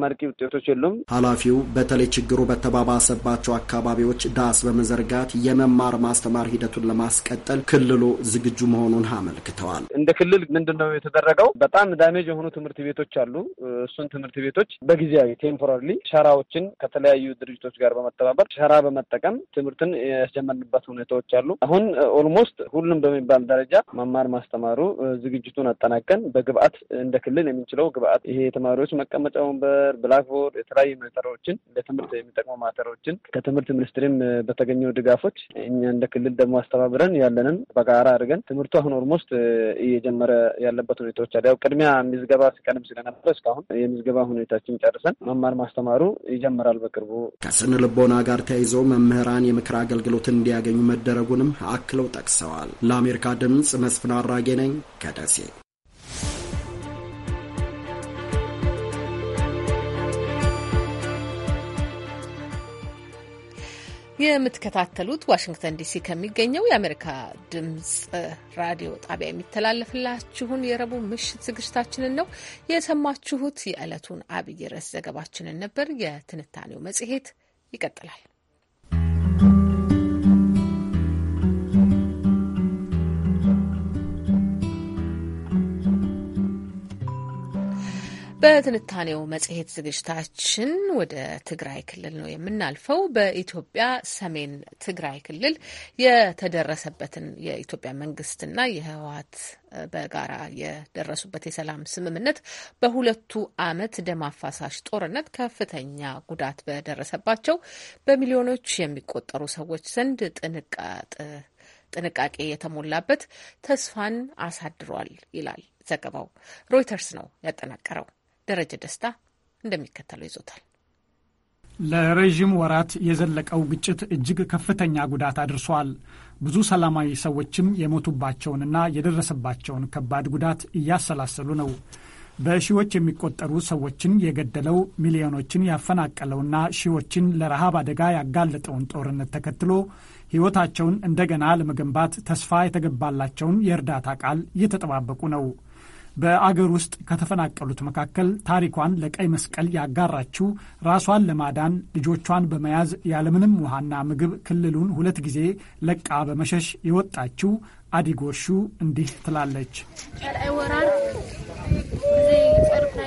አመርቂ ውጤቶች የሉም። ኃላፊው በተለይ ችግሩ በተባባሰባቸው አካባቢዎች ዳስ በመዘርጋት የመማር ማስተማር ሂደቱን ለማስቀጠል ክልሉ ዝግጁ መሆኑን አመልክተዋል። እንደ ክልል ምንድን ነው የተደረገው? በጣም ዳሜጅ የሆኑ ትምህርት ቤቶች አሉ። እሱን ትምህርት ቤቶች በጊዜያዊ ቴምፖራሪ ሸራዎችን ከተለያዩ ድርጅቶች ጋር በመተባበር ሸራ በመጠቀም ትምህርትን ያስጀመርንበት ሁኔታዎች አሉ። አሁን ኦልሞስት ሁሉም በሚባል ደረጃ መማር ማስተማሩ ዝግጅቱን አጠናቀን በግብአት እንደ ክልል የምንችለው ግብአት ይሄ የተማሪዎች መቀመጫ ወንበር፣ ብላክቦርድ፣ የተለያዩ ማተሮችን ለትምህርት የሚጠቅሙ ማተሮችን ከትምህርት ሚኒስትሪም በተገኘው ድጋፎች እኛ እንደ ክልል ደግሞ አስተባብረን ያለንን በጋራ አድርገን ትምህርቱ አሁን ኦልሞስት ኦልሞስት እየጀመረ ያለበት ሁኔታዎች አለ። ያው ቅድሚያ ምዝገባ ሲቀንም ስለነበረ እስካሁን የምዝገባ ሁኔታችን ጨርሰን መማር ማስተማሩ ይጀምራል በቅርቡ። ከስነ ልቦና ጋር ተያይዞ መምህራን የምክር አገልግሎት እንዲያገኙ መደረጉንም አክለው ጠቅሰዋል። ለአሜሪካ ድምጽ መስፍን አራጌ ነኝ ከደሴ። የምትከታተሉት ዋሽንግተን ዲሲ ከሚገኘው የአሜሪካ ድምፅ ራዲዮ ጣቢያ የሚተላለፍላችሁን የረቡዕ ምሽት ዝግጅታችንን ነው የሰማችሁት። የዕለቱን አብይ ርዕስ ዘገባችንን ነበር። የትንታኔው መጽሔት ይቀጥላል። በትንታኔው መጽሔት ዝግጅታችን ወደ ትግራይ ክልል ነው የምናልፈው። በኢትዮጵያ ሰሜን ትግራይ ክልል የተደረሰበትን የኢትዮጵያ መንግስትና የህወሀት በጋራ የደረሱበት የሰላም ስምምነት በሁለቱ አመት ደም አፋሳሽ ጦርነት ከፍተኛ ጉዳት በደረሰባቸው በሚሊዮኖች የሚቆጠሩ ሰዎች ዘንድ ጥንቃቄ የተሞላበት ተስፋን አሳድሯል ይላል ዘገባው። ሮይተርስ ነው ያጠናቀረው። ደረጀ ደስታ እንደሚከተለው ይዞታል። ለረዥም ወራት የዘለቀው ግጭት እጅግ ከፍተኛ ጉዳት አድርሷል። ብዙ ሰላማዊ ሰዎችም የሞቱባቸውንና የደረሰባቸውን ከባድ ጉዳት እያሰላሰሉ ነው። በሺዎች የሚቆጠሩ ሰዎችን የገደለው ሚሊዮኖችን ያፈናቀለውና ሺዎችን ለረሃብ አደጋ ያጋለጠውን ጦርነት ተከትሎ ሕይወታቸውን እንደገና ለመገንባት ተስፋ የተገባላቸውን የእርዳታ ቃል እየተጠባበቁ ነው። በአገር ውስጥ ከተፈናቀሉት መካከል ታሪኳን ለቀይ መስቀል ያጋራችው ራሷን ለማዳን ልጆቿን በመያዝ ያለምንም ውሃና ምግብ ክልሉን ሁለት ጊዜ ለቃ በመሸሽ የወጣችው አዲጎሹ እንዲህ ትላለች።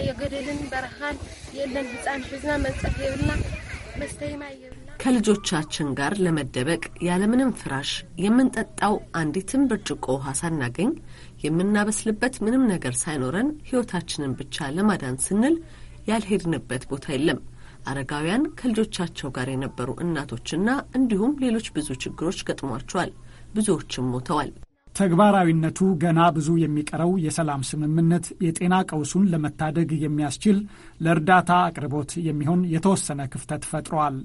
የገደልን በረሃን የለን ህፃን ከልጆቻችን ጋር ለመደበቅ ያለምንም ፍራሽ የምንጠጣው አንዲትም ብርጭቆ ውሃ ሳናገኝ የምናበስልበት ምንም ነገር ሳይኖረን ሕይወታችንን ብቻ ለማዳን ስንል ያልሄድንበት ቦታ የለም። አረጋውያን ከልጆቻቸው ጋር የነበሩ እናቶችና እንዲሁም ሌሎች ብዙ ችግሮች ገጥሟቸዋል። ብዙዎችም ሞተዋል። ተግባራዊነቱ ገና ብዙ የሚቀረው የሰላም ስምምነት የጤና ቀውሱን ለመታደግ የሚያስችል ለእርዳታ አቅርቦት የሚሆን የተወሰነ ክፍተት ፈጥሯል።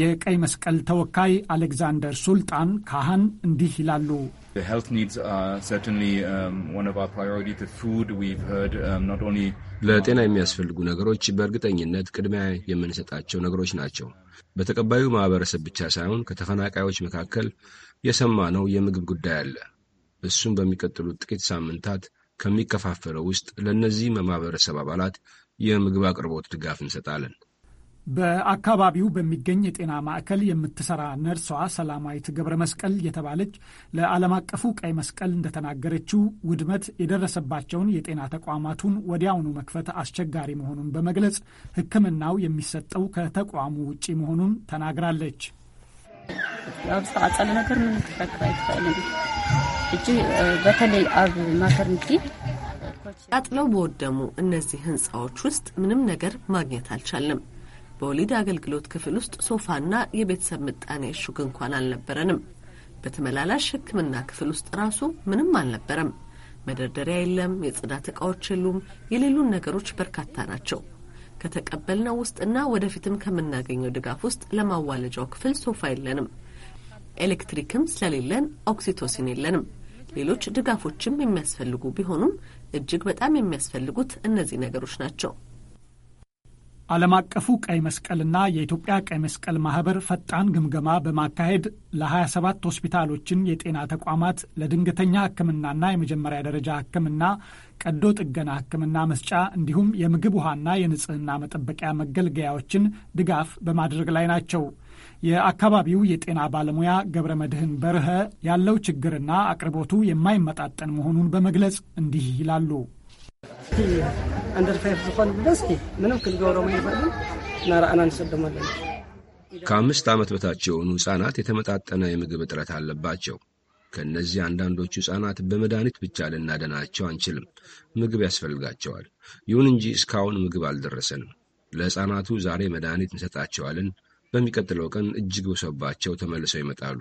የቀይ መስቀል ተወካይ አሌክዛንደር ሱልጣን ካህን እንዲህ ይላሉ። um, um, ለጤና የሚያስፈልጉ ነገሮች በእርግጠኝነት ቅድሚያ የምንሰጣቸው ነገሮች ናቸው። በተቀባዩ ማህበረሰብ ብቻ ሳይሆን ከተፈናቃዮች መካከል የሰማነው የምግብ ጉዳይ አለ። እሱም በሚቀጥሉት ጥቂት ሳምንታት ከሚከፋፈለው ውስጥ ለእነዚህ ማህበረሰብ አባላት የምግብ አቅርቦት ድጋፍ እንሰጣለን። በአካባቢው በሚገኝ የጤና ማዕከል የምትሰራ ነርሷ ሰላማዊት ገብረ መስቀል የተባለች ለዓለም አቀፉ ቀይ መስቀል እንደተናገረችው ውድመት የደረሰባቸውን የጤና ተቋማቱን ወዲያውኑ መክፈት አስቸጋሪ መሆኑን በመግለጽ ሕክምናው የሚሰጠው ከተቋሙ ውጪ መሆኑን ተናግራለች። እጅ በተለይ አብ ማተርኒቲ አጥለው በወደሙ እነዚህ ህንፃዎች ውስጥ ምንም ነገር ማግኘት አልቻለም። በወሊድ አገልግሎት ክፍል ውስጥ ሶፋና የቤተሰብ ምጣኔ እሹግ እንኳን አልነበረንም። በተመላላሽ ሕክምና ክፍል ውስጥ ራሱ ምንም አልነበረም። መደርደሪያ የለም፣ የጽዳት እቃዎች የሉም። የሌሉን ነገሮች በርካታ ናቸው። ከተቀበልነው ውስጥና ወደፊትም ከምናገኘው ድጋፍ ውስጥ ለማዋለጃው ክፍል ሶፋ የለንም። ኤሌክትሪክም ስለሌለን ኦክሲቶሲን የለንም። ሌሎች ድጋፎችም የሚያስፈልጉ ቢሆኑም እጅግ በጣም የሚያስፈልጉት እነዚህ ነገሮች ናቸው። ዓለም አቀፉ ቀይ መስቀልና የኢትዮጵያ ቀይ መስቀል ማህበር ፈጣን ግምገማ በማካሄድ ለ27 ሆስፒታሎችን የጤና ተቋማት ለድንገተኛ ሕክምናና የመጀመሪያ ደረጃ ሕክምና፣ ቀዶ ጥገና ሕክምና መስጫ እንዲሁም የምግብ ውሃና የንጽህና መጠበቂያ መገልገያዎችን ድጋፍ በማድረግ ላይ ናቸው። የአካባቢው የጤና ባለሙያ ገብረ መድህን በርሀ ያለው ችግርና አቅርቦቱ የማይመጣጠን መሆኑን በመግለጽ እንዲህ ይላሉ። ምንም ክንገብሮ ከአምስት ዓመት በታች የሆኑ ሕፃናት የተመጣጠነ የምግብ እጥረት አለባቸው። ከእነዚህ አንዳንዶቹ ሕፃናት በመድኃኒት ብቻ ልናደናቸው አንችልም። ምግብ ያስፈልጋቸዋል። ይሁን እንጂ እስካሁን ምግብ አልደረሰንም። ለሕፃናቱ ዛሬ መድኃኒት እንሰጣቸዋለን፣ በሚቀጥለው ቀን እጅግ ብሶባቸው ተመልሰው ይመጣሉ።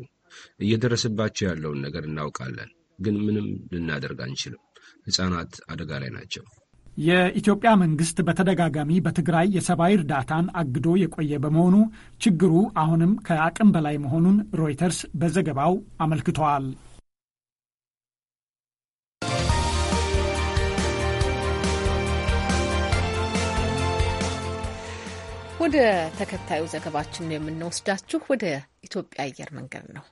እየደረሰባቸው ያለውን ነገር እናውቃለን፣ ግን ምንም ልናደርግ አንችልም። ሕፃናት አደጋ ላይ ናቸው። የኢትዮጵያ መንግስት በተደጋጋሚ በትግራይ የሰብአዊ እርዳታን አግዶ የቆየ በመሆኑ ችግሩ አሁንም ከአቅም በላይ መሆኑን ሮይተርስ በዘገባው አመልክተዋል። ወደ ተከታዩ ዘገባችን ነው የምንወስዳችሁ። ወደ ኢትዮጵያ አየር መንገድ ነው።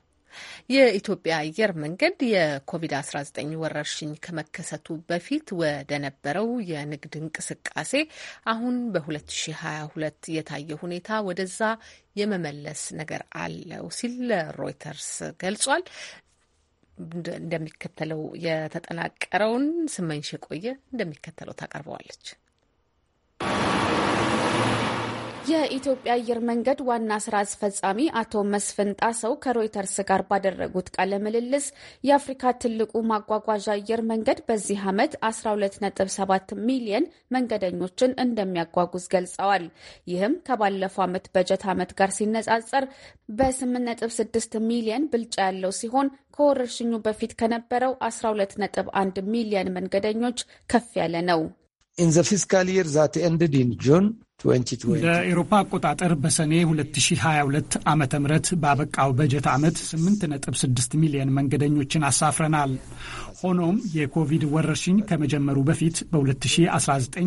የኢትዮጵያ አየር መንገድ የኮቪድ-19 ወረርሽኝ ከመከሰቱ በፊት ወደ ነበረው የንግድ እንቅስቃሴ አሁን በ2022 የታየ ሁኔታ ወደዛ የመመለስ ነገር አለው ሲል ለሮይተርስ ገልጿል። እንደሚከተለው የተጠናቀረውን ስመኝሽ የቆየ እንደሚከተለው ታቀርበዋለች። የኢትዮጵያ አየር መንገድ ዋና ስራ አስፈጻሚ አቶ መስፍን ጣሰው ከሮይተርስ ጋር ባደረጉት ቃለ ምልልስ የአፍሪካ ትልቁ ማጓጓዣ አየር መንገድ በዚህ ዓመት 127 ሚሊየን መንገደኞችን እንደሚያጓጉዝ ገልጸዋል። ይህም ከባለፈው ዓመት በጀት ዓመት ጋር ሲነጻጸር በ8.6 ሚሊየን ብልጫ ያለው ሲሆን ከወረርሽኙ በፊት ከነበረው 12.1 ሚሊየን መንገደኞች ከፍ ያለ ነው። ኢን ዘ ፊስካል ይር ዛት ኤንድድ ኢን ጁን ለኤሮፓ አቆጣጠር በሰኔ 2022 ዓ ም ባበቃው በጀት ዓመት 8.6 ሚሊዮን መንገደኞችን አሳፍረናል። ሆኖም የኮቪድ ወረርሽኝ ከመጀመሩ በፊት በ2019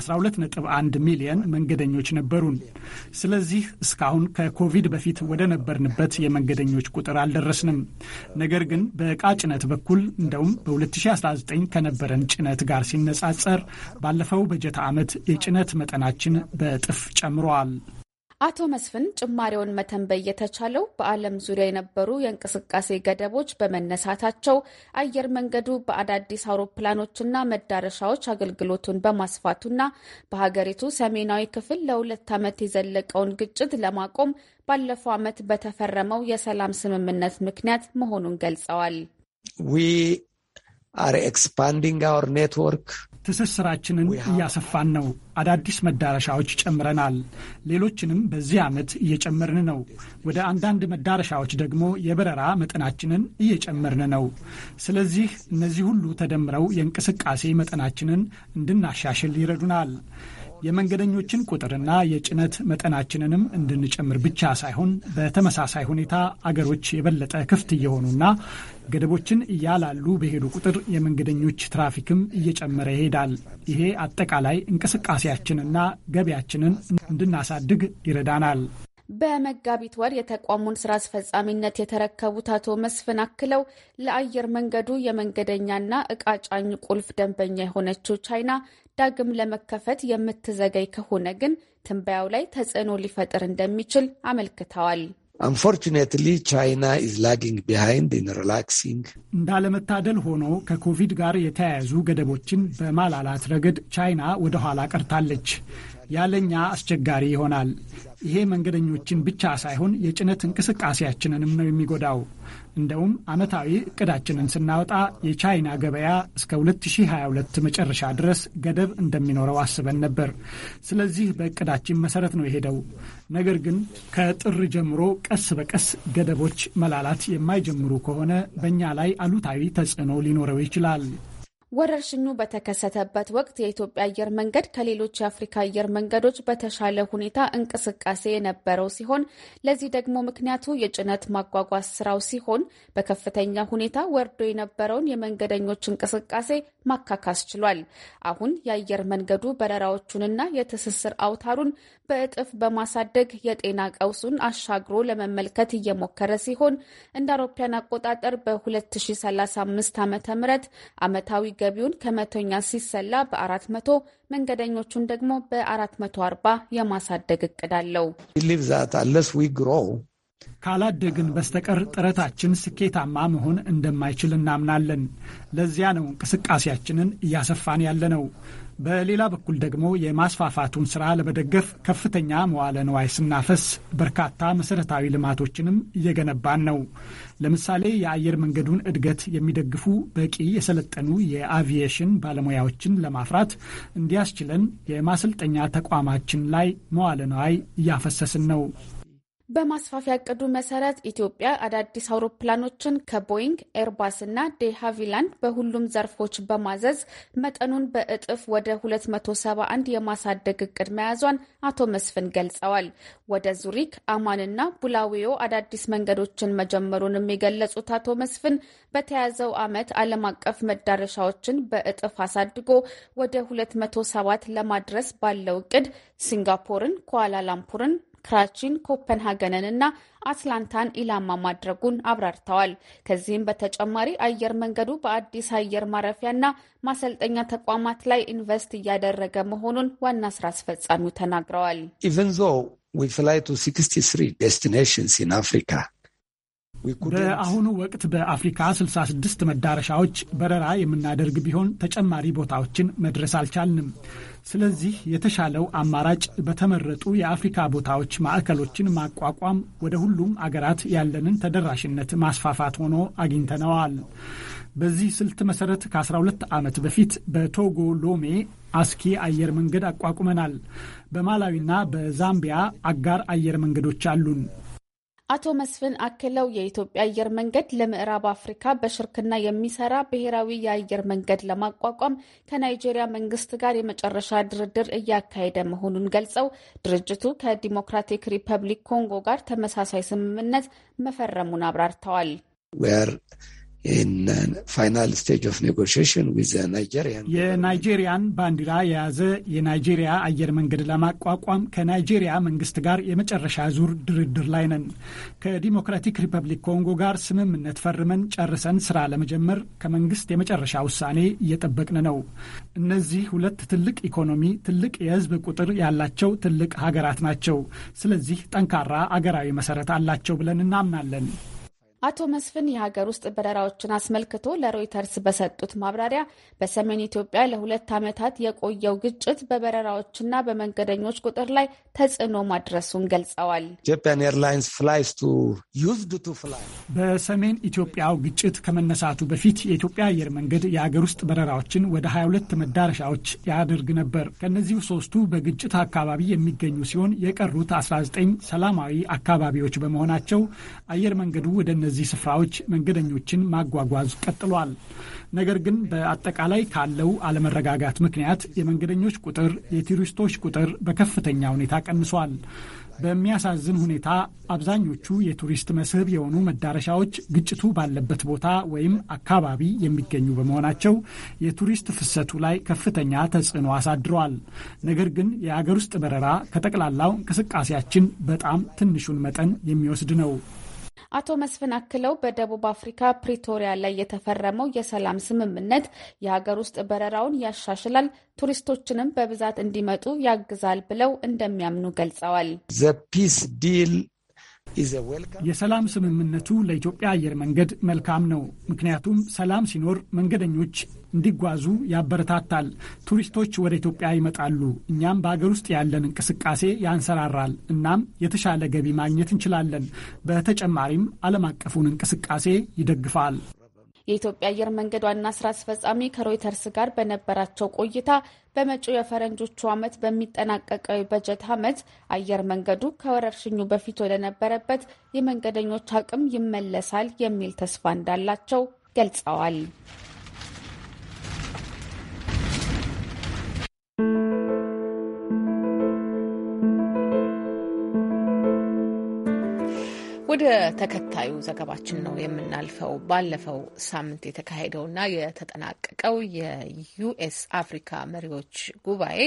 12.1 ሚሊዮን መንገደኞች ነበሩን። ስለዚህ እስካሁን ከኮቪድ በፊት ወደ ነበርንበት የመንገደኞች ቁጥር አልደረስንም። ነገር ግን በእቃ ጭነት በኩል እንደውም በ2019 ከነበረን ጭነት ጋር ሲነጻጸር ባለፈው በጀት ዓመት የጭነት መጠናችን በእጥፍ ጨምረዋል። አቶ መስፍን ጭማሪውን መተንበይ የተቻለው በዓለም ዙሪያ የነበሩ የእንቅስቃሴ ገደቦች በመነሳታቸው አየር መንገዱ በአዳዲስ አውሮፕላኖችና መዳረሻዎች አገልግሎቱን በማስፋቱና በሀገሪቱ ሰሜናዊ ክፍል ለሁለት ዓመት የዘለቀውን ግጭት ለማቆም ባለፈው ዓመት በተፈረመው የሰላም ስምምነት ምክንያት መሆኑን ገልጸዋል። ዊ አር ኤክስፓንዲንግ አወር ኔትወርክ ትስስራችንን እያሰፋን ነው። አዳዲስ መዳረሻዎች ጨምረናል። ሌሎችንም በዚህ ዓመት እየጨመርን ነው። ወደ አንዳንድ መዳረሻዎች ደግሞ የበረራ መጠናችንን እየጨመርን ነው። ስለዚህ እነዚህ ሁሉ ተደምረው የእንቅስቃሴ መጠናችንን እንድናሻሽል ይረዱናል። የመንገደኞችን ቁጥርና የጭነት መጠናችንንም እንድንጨምር ብቻ ሳይሆን በተመሳሳይ ሁኔታ አገሮች የበለጠ ክፍት እየሆኑና ገደቦችን እያላሉ በሄዱ ቁጥር የመንገደኞች ትራፊክም እየጨመረ ይሄዳል። ይሄ አጠቃላይ እንቅስቃሴያችንና ገቢያችንን እንድናሳድግ ይረዳናል። በመጋቢት ወር የተቋሙን ስራ አስፈጻሚነት የተረከቡት አቶ መስፍን አክለው ለአየር መንገዱ የመንገደኛና እቃ ጫኝ ቁልፍ ደንበኛ የሆነችው ቻይና ዳግም ለመከፈት የምትዘገይ ከሆነ ግን ትንበያው ላይ ተጽዕኖ ሊፈጥር እንደሚችል አመልክተዋል። እንዳለመታደል ሆኖ ከኮቪድ ጋር የተያያዙ ገደቦችን በማላላት ረገድ ቻይና ወደኋላ ቀርታለች። ያለኛ አስቸጋሪ ይሆናል። ይሄ መንገደኞችን ብቻ ሳይሆን የጭነት እንቅስቃሴያችንንም ነው የሚጎዳው። እንደውም ዓመታዊ እቅዳችንን ስናወጣ የቻይና ገበያ እስከ 2022 መጨረሻ ድረስ ገደብ እንደሚኖረው አስበን ነበር። ስለዚህ በእቅዳችን መሰረት ነው የሄደው። ነገር ግን ከጥር ጀምሮ ቀስ በቀስ ገደቦች መላላት የማይጀምሩ ከሆነ በእኛ ላይ አሉታዊ ተጽዕኖ ሊኖረው ይችላል። ወረርሽኙ በተከሰተበት ወቅት የኢትዮጵያ አየር መንገድ ከሌሎች የአፍሪካ አየር መንገዶች በተሻለ ሁኔታ እንቅስቃሴ የነበረው ሲሆን ለዚህ ደግሞ ምክንያቱ የጭነት ማጓጓዝ ስራው ሲሆን በከፍተኛ ሁኔታ ወርዶ የነበረውን የመንገደኞች እንቅስቃሴ ማካካስ ችሏል። አሁን የአየር መንገዱ በረራዎቹንና የትስስር አውታሩን በእጥፍ በማሳደግ የጤና ቀውሱን አሻግሮ ለመመልከት እየሞከረ ሲሆን እንደ አውሮፓውያን አቆጣጠር በ2035 ዓ ም ዓመታዊ ገቢውን ከመቶኛ ሲሰላ በ400 መንገደኞቹን ደግሞ በ440 የማሳደግ እቅድ አለው። ካላደግን በስተቀር ጥረታችን ስኬታማ መሆን እንደማይችል እናምናለን። ለዚያ ነው እንቅስቃሴያችንን እያሰፋን ያለነው። በሌላ በኩል ደግሞ የማስፋፋቱን ስራ ለመደገፍ ከፍተኛ መዋለ ንዋይ ስናፈስ በርካታ መሰረታዊ ልማቶችንም እየገነባን ነው። ለምሳሌ የአየር መንገዱን እድገት የሚደግፉ በቂ የሰለጠኑ የአቪዬሽን ባለሙያዎችን ለማፍራት እንዲያስችለን የማሰልጠኛ ተቋማችን ላይ መዋለ ንዋይ እያፈሰስን ነው። በማስፋፊያ እቅዱ መሰረት ኢትዮጵያ አዳዲስ አውሮፕላኖችን ከቦይንግ ኤርባስ እና ዴሃቪላንድ በሁሉም ዘርፎች በማዘዝ መጠኑን በእጥፍ ወደ 271 የማሳደግ እቅድ መያዟን አቶ መስፍን ገልጸዋል። ወደ ዙሪክ፣ አማን ና ቡላዌዮ አዳዲስ መንገዶችን መጀመሩንም የገለጹት አቶ መስፍን በተያዘው ዓመት ዓለም አቀፍ መዳረሻዎችን በእጥፍ አሳድጎ ወደ 207 ለማድረስ ባለው እቅድ ሲንጋፖርን፣ ኳላላምፑርን ክራችን፣ ኮፐንሃገንንና አትላንታን ኢላማ ማድረጉን አብራርተዋል። ከዚህም በተጨማሪ አየር መንገዱ በአዲስ አየር ማረፊያና ማሰልጠኛ ተቋማት ላይ ኢንቨስት እያደረገ መሆኑን ዋና ስራ አስፈጻሚው ተናግረዋል። ኢቨን ዞ ዊ ፍላይ ቱ 63 ዴስቲኔሽንስ ኢን አፍሪካ በአሁኑ ወቅት በአፍሪካ 66 መዳረሻዎች በረራ የምናደርግ ቢሆን ተጨማሪ ቦታዎችን መድረስ አልቻልንም። ስለዚህ የተሻለው አማራጭ በተመረጡ የአፍሪካ ቦታዎች ማዕከሎችን ማቋቋም፣ ወደ ሁሉም አገራት ያለንን ተደራሽነት ማስፋፋት ሆኖ አግኝተነዋል። በዚህ ስልት መሰረት ከ12 ዓመት በፊት በቶጎ ሎሜ አስኪ አየር መንገድ አቋቁመናል። በማላዊና በዛምቢያ አጋር አየር መንገዶች አሉን። አቶ መስፍን አክለው የኢትዮጵያ አየር መንገድ ለምዕራብ አፍሪካ በሽርክና የሚሰራ ብሔራዊ የአየር መንገድ ለማቋቋም ከናይጄሪያ መንግስት ጋር የመጨረሻ ድርድር እያካሄደ መሆኑን ገልጸው ድርጅቱ ከዲሞክራቲክ ሪፐብሊክ ኮንጎ ጋር ተመሳሳይ ስምምነት መፈረሙን አብራርተዋል። ፋይናል ስቴጅ ኦፍ ኔጎሽሽን ዊዝ ናይጄሪያን የናይጄሪያን ባንዲራ የያዘ የናይጄሪያ አየር መንገድ ለማቋቋም ከናይጄሪያ መንግስት ጋር የመጨረሻ ዙር ድርድር ላይ ነን። ከዲሞክራቲክ ሪፐብሊክ ኮንጎ ጋር ስምምነት ፈርመን ጨርሰን ስራ ለመጀመር ከመንግስት የመጨረሻ ውሳኔ እየጠበቅን ነው። እነዚህ ሁለት ትልቅ ኢኮኖሚ፣ ትልቅ የህዝብ ቁጥር ያላቸው ትልቅ ሀገራት ናቸው። ስለዚህ ጠንካራ አገራዊ መሰረት አላቸው ብለን እናምናለን። አቶ መስፍን የሀገር ውስጥ በረራዎችን አስመልክቶ ለሮይተርስ በሰጡት ማብራሪያ በሰሜን ኢትዮጵያ ለሁለት ዓመታት የቆየው ግጭት በበረራዎችና በመንገደኞች ቁጥር ላይ ተጽዕኖ ማድረሱን ገልጸዋል። በሰሜን ኢትዮጵያው ግጭት ከመነሳቱ በፊት የኢትዮጵያ አየር መንገድ የሀገር ውስጥ በረራዎችን ወደ 22 መዳረሻዎች ያደርግ ነበር። ከእነዚሁ ሶስቱ በግጭት አካባቢ የሚገኙ ሲሆን የቀሩት 19 ሰላማዊ አካባቢዎች በመሆናቸው አየር መንገዱ ወደ ወደዚህ ስፍራዎች መንገደኞችን ማጓጓዝ ቀጥሏል። ነገር ግን በአጠቃላይ ካለው አለመረጋጋት ምክንያት የመንገደኞች ቁጥር፣ የቱሪስቶች ቁጥር በከፍተኛ ሁኔታ ቀንሷል። በሚያሳዝን ሁኔታ አብዛኞቹ የቱሪስት መስህብ የሆኑ መዳረሻዎች ግጭቱ ባለበት ቦታ ወይም አካባቢ የሚገኙ በመሆናቸው የቱሪስት ፍሰቱ ላይ ከፍተኛ ተጽዕኖ አሳድረዋል። ነገር ግን የአገር ውስጥ በረራ ከጠቅላላው እንቅስቃሴያችን በጣም ትንሹን መጠን የሚወስድ ነው። አቶ መስፍን አክለው በደቡብ አፍሪካ ፕሪቶሪያ ላይ የተፈረመው የሰላም ስምምነት የሀገር ውስጥ በረራውን ያሻሽላል፣ ቱሪስቶችንም በብዛት እንዲመጡ ያግዛል ብለው እንደሚያምኑ ገልጸዋል። የሰላም ስምምነቱ ለኢትዮጵያ አየር መንገድ መልካም ነው። ምክንያቱም ሰላም ሲኖር መንገደኞች እንዲጓዙ ያበረታታል። ቱሪስቶች ወደ ኢትዮጵያ ይመጣሉ፣ እኛም በሀገር ውስጥ ያለን እንቅስቃሴ ያንሰራራል። እናም የተሻለ ገቢ ማግኘት እንችላለን። በተጨማሪም ዓለም አቀፉን እንቅስቃሴ ይደግፋል። የኢትዮጵያ አየር መንገድ ዋና ስራ አስፈጻሚ ከሮይተርስ ጋር በነበራቸው ቆይታ በመጪው የፈረንጆቹ ዓመት በሚጠናቀቀው የበጀት ዓመት አየር መንገዱ ከወረርሽኙ በፊት ወደነበረበት የመንገደኞች አቅም ይመለሳል የሚል ተስፋ እንዳላቸው ገልጸዋል። ተከታዩ ዘገባችን ነው የምናልፈው። ባለፈው ሳምንት የተካሄደውና የተጠናቀቀው የዩኤስ አፍሪካ መሪዎች ጉባኤ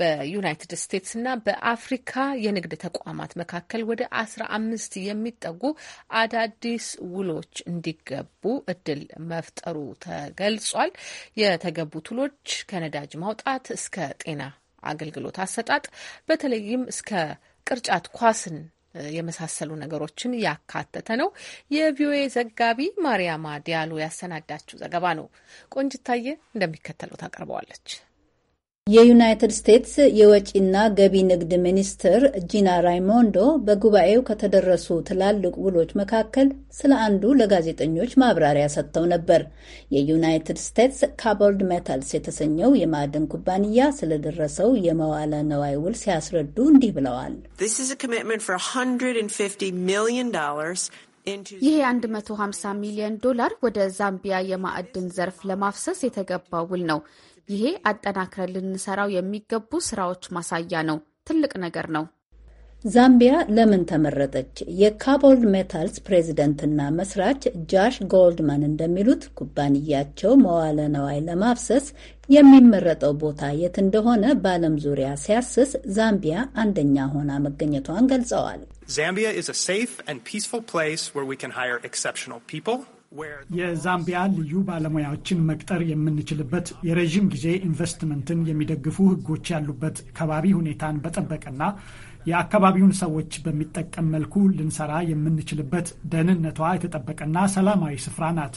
በዩናይትድ ስቴትስና በአፍሪካ የንግድ ተቋማት መካከል ወደ አስራ አምስት የሚጠጉ አዳዲስ ውሎች እንዲገቡ እድል መፍጠሩ ተገልጿል። የተገቡት ውሎች ከነዳጅ ማውጣት እስከ ጤና አገልግሎት አሰጣጥ በተለይም እስከ ቅርጫት ኳስን የመሳሰሉ ነገሮችን ያካተተ ነው። የቪኦኤ ዘጋቢ ማሪያማ ዲያሎ ያሰናዳችው ዘገባ ነው። ቆንጅታየ እንደሚከተለው ታቀርበዋለች። የዩናይትድ ስቴትስ የወጪና ገቢ ንግድ ሚኒስትር ጂና ራይሞንዶ በጉባኤው ከተደረሱ ትላልቅ ውሎች መካከል ስለ አንዱ ለጋዜጠኞች ማብራሪያ ሰጥተው ነበር። የዩናይትድ ስቴትስ ካቦልድ ሜታልስ የተሰኘው የማዕድን ኩባንያ ስለደረሰው የመዋለ ነዋይ ውል ሲያስረዱ እንዲህ ብለዋል። ይህ የ150 ሚሊዮን ዶላር ወደ ዛምቢያ የማዕድን ዘርፍ ለማፍሰስ የተገባ ውል ነው። ይሄ አጠናክረን ልንሰራው የሚገቡ ስራዎች ማሳያ ነው። ትልቅ ነገር ነው። ዛምቢያ ለምን ተመረጠች? የካቦልድ ሜታልስ ፕሬዚደንትና መስራች ጃሽ ጎልድማን እንደሚሉት ኩባንያቸው መዋለ ነዋይ ለማፍሰስ የሚመረጠው ቦታ የት እንደሆነ በዓለም ዙሪያ ሲያስስ ዛምቢያ አንደኛ ሆና መገኘቷን ገልጸዋል። ዛምቢያ is a safe and peaceful place where we የዛምቢያ ልዩ ባለሙያዎችን መቅጠር የምንችልበት የረዥም ጊዜ ኢንቨስትመንትን የሚደግፉ ሕጎች ያሉበት ከባቢ ሁኔታን በጠበቀና የአካባቢውን ሰዎች በሚጠቀም መልኩ ልንሰራ የምንችልበት ደህንነቷ የተጠበቀና ሰላማዊ ስፍራ ናት።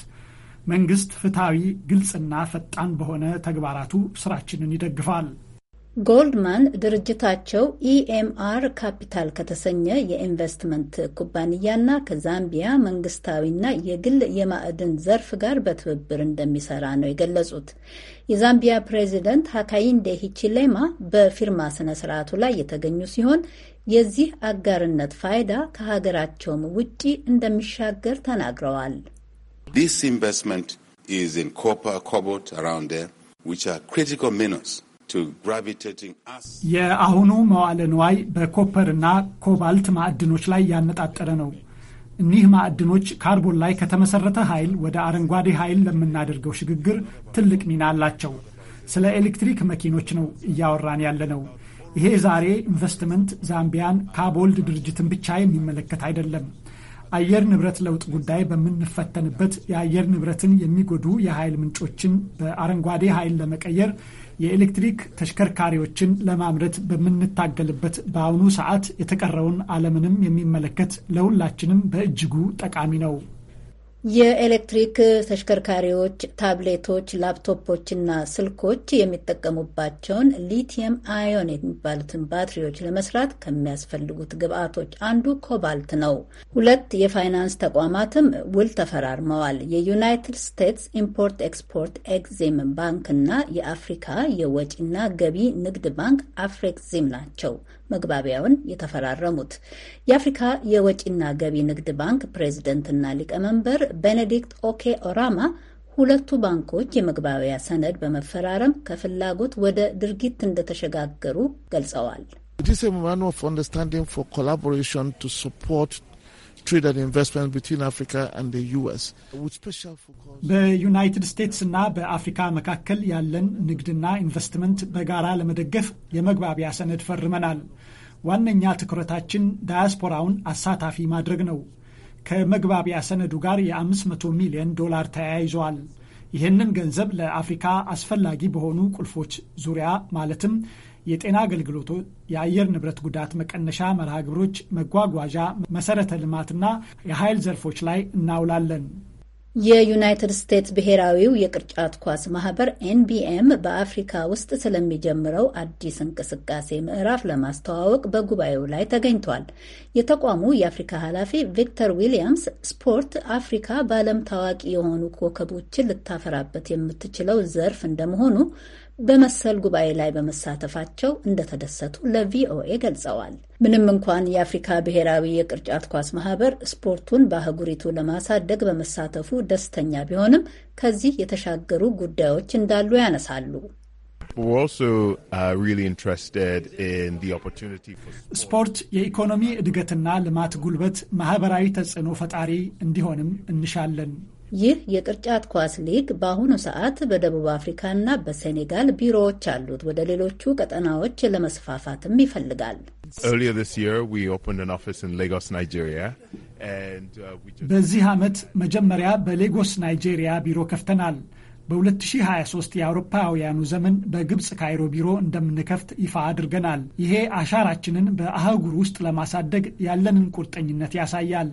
መንግስት ፍትሐዊ፣ ግልጽና ፈጣን በሆነ ተግባራቱ ስራችንን ይደግፋል። ጎልድማን ድርጅታቸው ኢኤምአር e ካፒታል ከተሰኘ የኢንቨስትመንት ኩባንያና ከዛምቢያ መንግስታዊና የግል የማዕድን ዘርፍ ጋር በትብብር እንደሚሰራ ነው የገለጹት። የዛምቢያ ፕሬዚደንት ሀካይንዴ ሂቺሌማ በፊርማ ስነ ስርዓቱ ላይ የተገኙ ሲሆን የዚህ አጋርነት ፋይዳ ከሀገራቸውም ውጪ እንደሚሻገር ተናግረዋል። ኢንቨስትመንት ኢን ኮፐር ኮቦልት አራውንድ ዊች አር ክሪቲካል የአሁኑ መዋለ ንዋይ በኮፐርና ኮባልት ማዕድኖች ላይ ያነጣጠረ ነው። እኒህ ማዕድኖች ካርቦን ላይ ከተመሰረተ ኃይል ወደ አረንጓዴ ኃይል ለምናደርገው ሽግግር ትልቅ ሚና አላቸው። ስለ ኤሌክትሪክ መኪኖች ነው እያወራን ያለ ነው። ይሄ ዛሬ ኢንቨስትመንት ዛምቢያን ካቦልድ ድርጅትን ብቻ የሚመለከት አይደለም። አየር ንብረት ለውጥ ጉዳይ በምንፈተንበት የአየር ንብረትን የሚጎዱ የኃይል ምንጮችን በአረንጓዴ ኃይል ለመቀየር የኤሌክትሪክ ተሽከርካሪዎችን ለማምረት በምንታገልበት በአሁኑ ሰዓት የተቀረውን ዓለምንም የሚመለከት ለሁላችንም በእጅጉ ጠቃሚ ነው። የኤሌክትሪክ ተሽከርካሪዎች፣ ታብሌቶች፣ ላፕቶፖችና ስልኮች የሚጠቀሙባቸውን ሊቲየም አዮን የሚባሉትን ባትሪዎች ለመስራት ከሚያስፈልጉት ግብአቶች አንዱ ኮባልት ነው። ሁለት የፋይናንስ ተቋማትም ውል ተፈራርመዋል። የዩናይትድ ስቴትስ ኢምፖርት ኤክስፖርት ኤግዚም ባንክ እና የአፍሪካ የወጪና ገቢ ንግድ ባንክ አፍሬክዚም ናቸው። መግባቢያውን የተፈራረሙት። የአፍሪካ የወጪና ገቢ ንግድ ባንክ ፕሬዚደንትና ሊቀመንበር ቤኔዲክት ኦኬ ኦራማ ሁለቱ ባንኮች የመግባቢያ ሰነድ በመፈራረም ከፍላጎት ወደ ድርጊት እንደተሸጋገሩ ገልጸዋል። በዩናይትድ ስቴትስ እና በአፍሪካ መካከል ያለን ንግድና ኢንቨስትመንት በጋራ ለመደገፍ የመግባቢያ ሰነድ ፈርመናል። ዋነኛ ትኩረታችን ዳያስፖራውን አሳታፊ ማድረግ ነው። ከመግባቢያ ሰነዱ ጋር የ500 ሚሊዮን ዶላር ተያይዟል። ይህንን ገንዘብ ለአፍሪካ አስፈላጊ በሆኑ ቁልፎች ዙሪያ ማለትም የጤና አገልግሎቶ፣ የአየር ንብረት ጉዳት መቀነሻ መርሃ ግብሮች፣ መጓጓዣ፣ መሰረተ ልማትና የኃይል ዘርፎች ላይ እናውላለን። የዩናይትድ ስቴትስ ብሔራዊው የቅርጫት ኳስ ማህበር ኤንቢኤም በአፍሪካ ውስጥ ስለሚጀምረው አዲስ እንቅስቃሴ ምዕራፍ ለማስተዋወቅ በጉባኤው ላይ ተገኝቷል። የተቋሙ የአፍሪካ ኃላፊ ቪክተር ዊሊያምስ ስፖርት አፍሪካ በዓለም ታዋቂ የሆኑ ኮከቦችን ልታፈራበት የምትችለው ዘርፍ እንደመሆኑ በመሰል ጉባኤ ላይ በመሳተፋቸው እንደተደሰቱ ለቪኦኤ ገልጸዋል። ምንም እንኳን የአፍሪካ ብሔራዊ የቅርጫት ኳስ ማህበር ስፖርቱን በአህጉሪቱ ለማሳደግ በመሳተፉ ደስተኛ ቢሆንም ከዚህ የተሻገሩ ጉዳዮች እንዳሉ ያነሳሉ። uh, ስፖርት የኢኮኖሚ እድገትና ልማት ጉልበት ማህበራዊ ተጽዕኖ ፈጣሪ እንዲሆንም እንሻለን። ይህ የቅርጫት ኳስ ሊግ በአሁኑ ሰዓት በደቡብ አፍሪካና በሴኔጋል ቢሮዎች አሉት። ወደ ሌሎቹ ቀጠናዎች ለመስፋፋትም ይፈልጋል። uh, በዚህ ዓመት መጀመሪያ በሌጎስ ናይጄሪያ ቢሮ ከፍተናል። በ2023 የአውሮፓውያኑ ዘመን በግብፅ ካይሮ ቢሮ እንደምንከፍት ይፋ አድርገናል። ይሄ አሻራችንን በአህጉር ውስጥ ለማሳደግ ያለንን ቁርጠኝነት ያሳያል።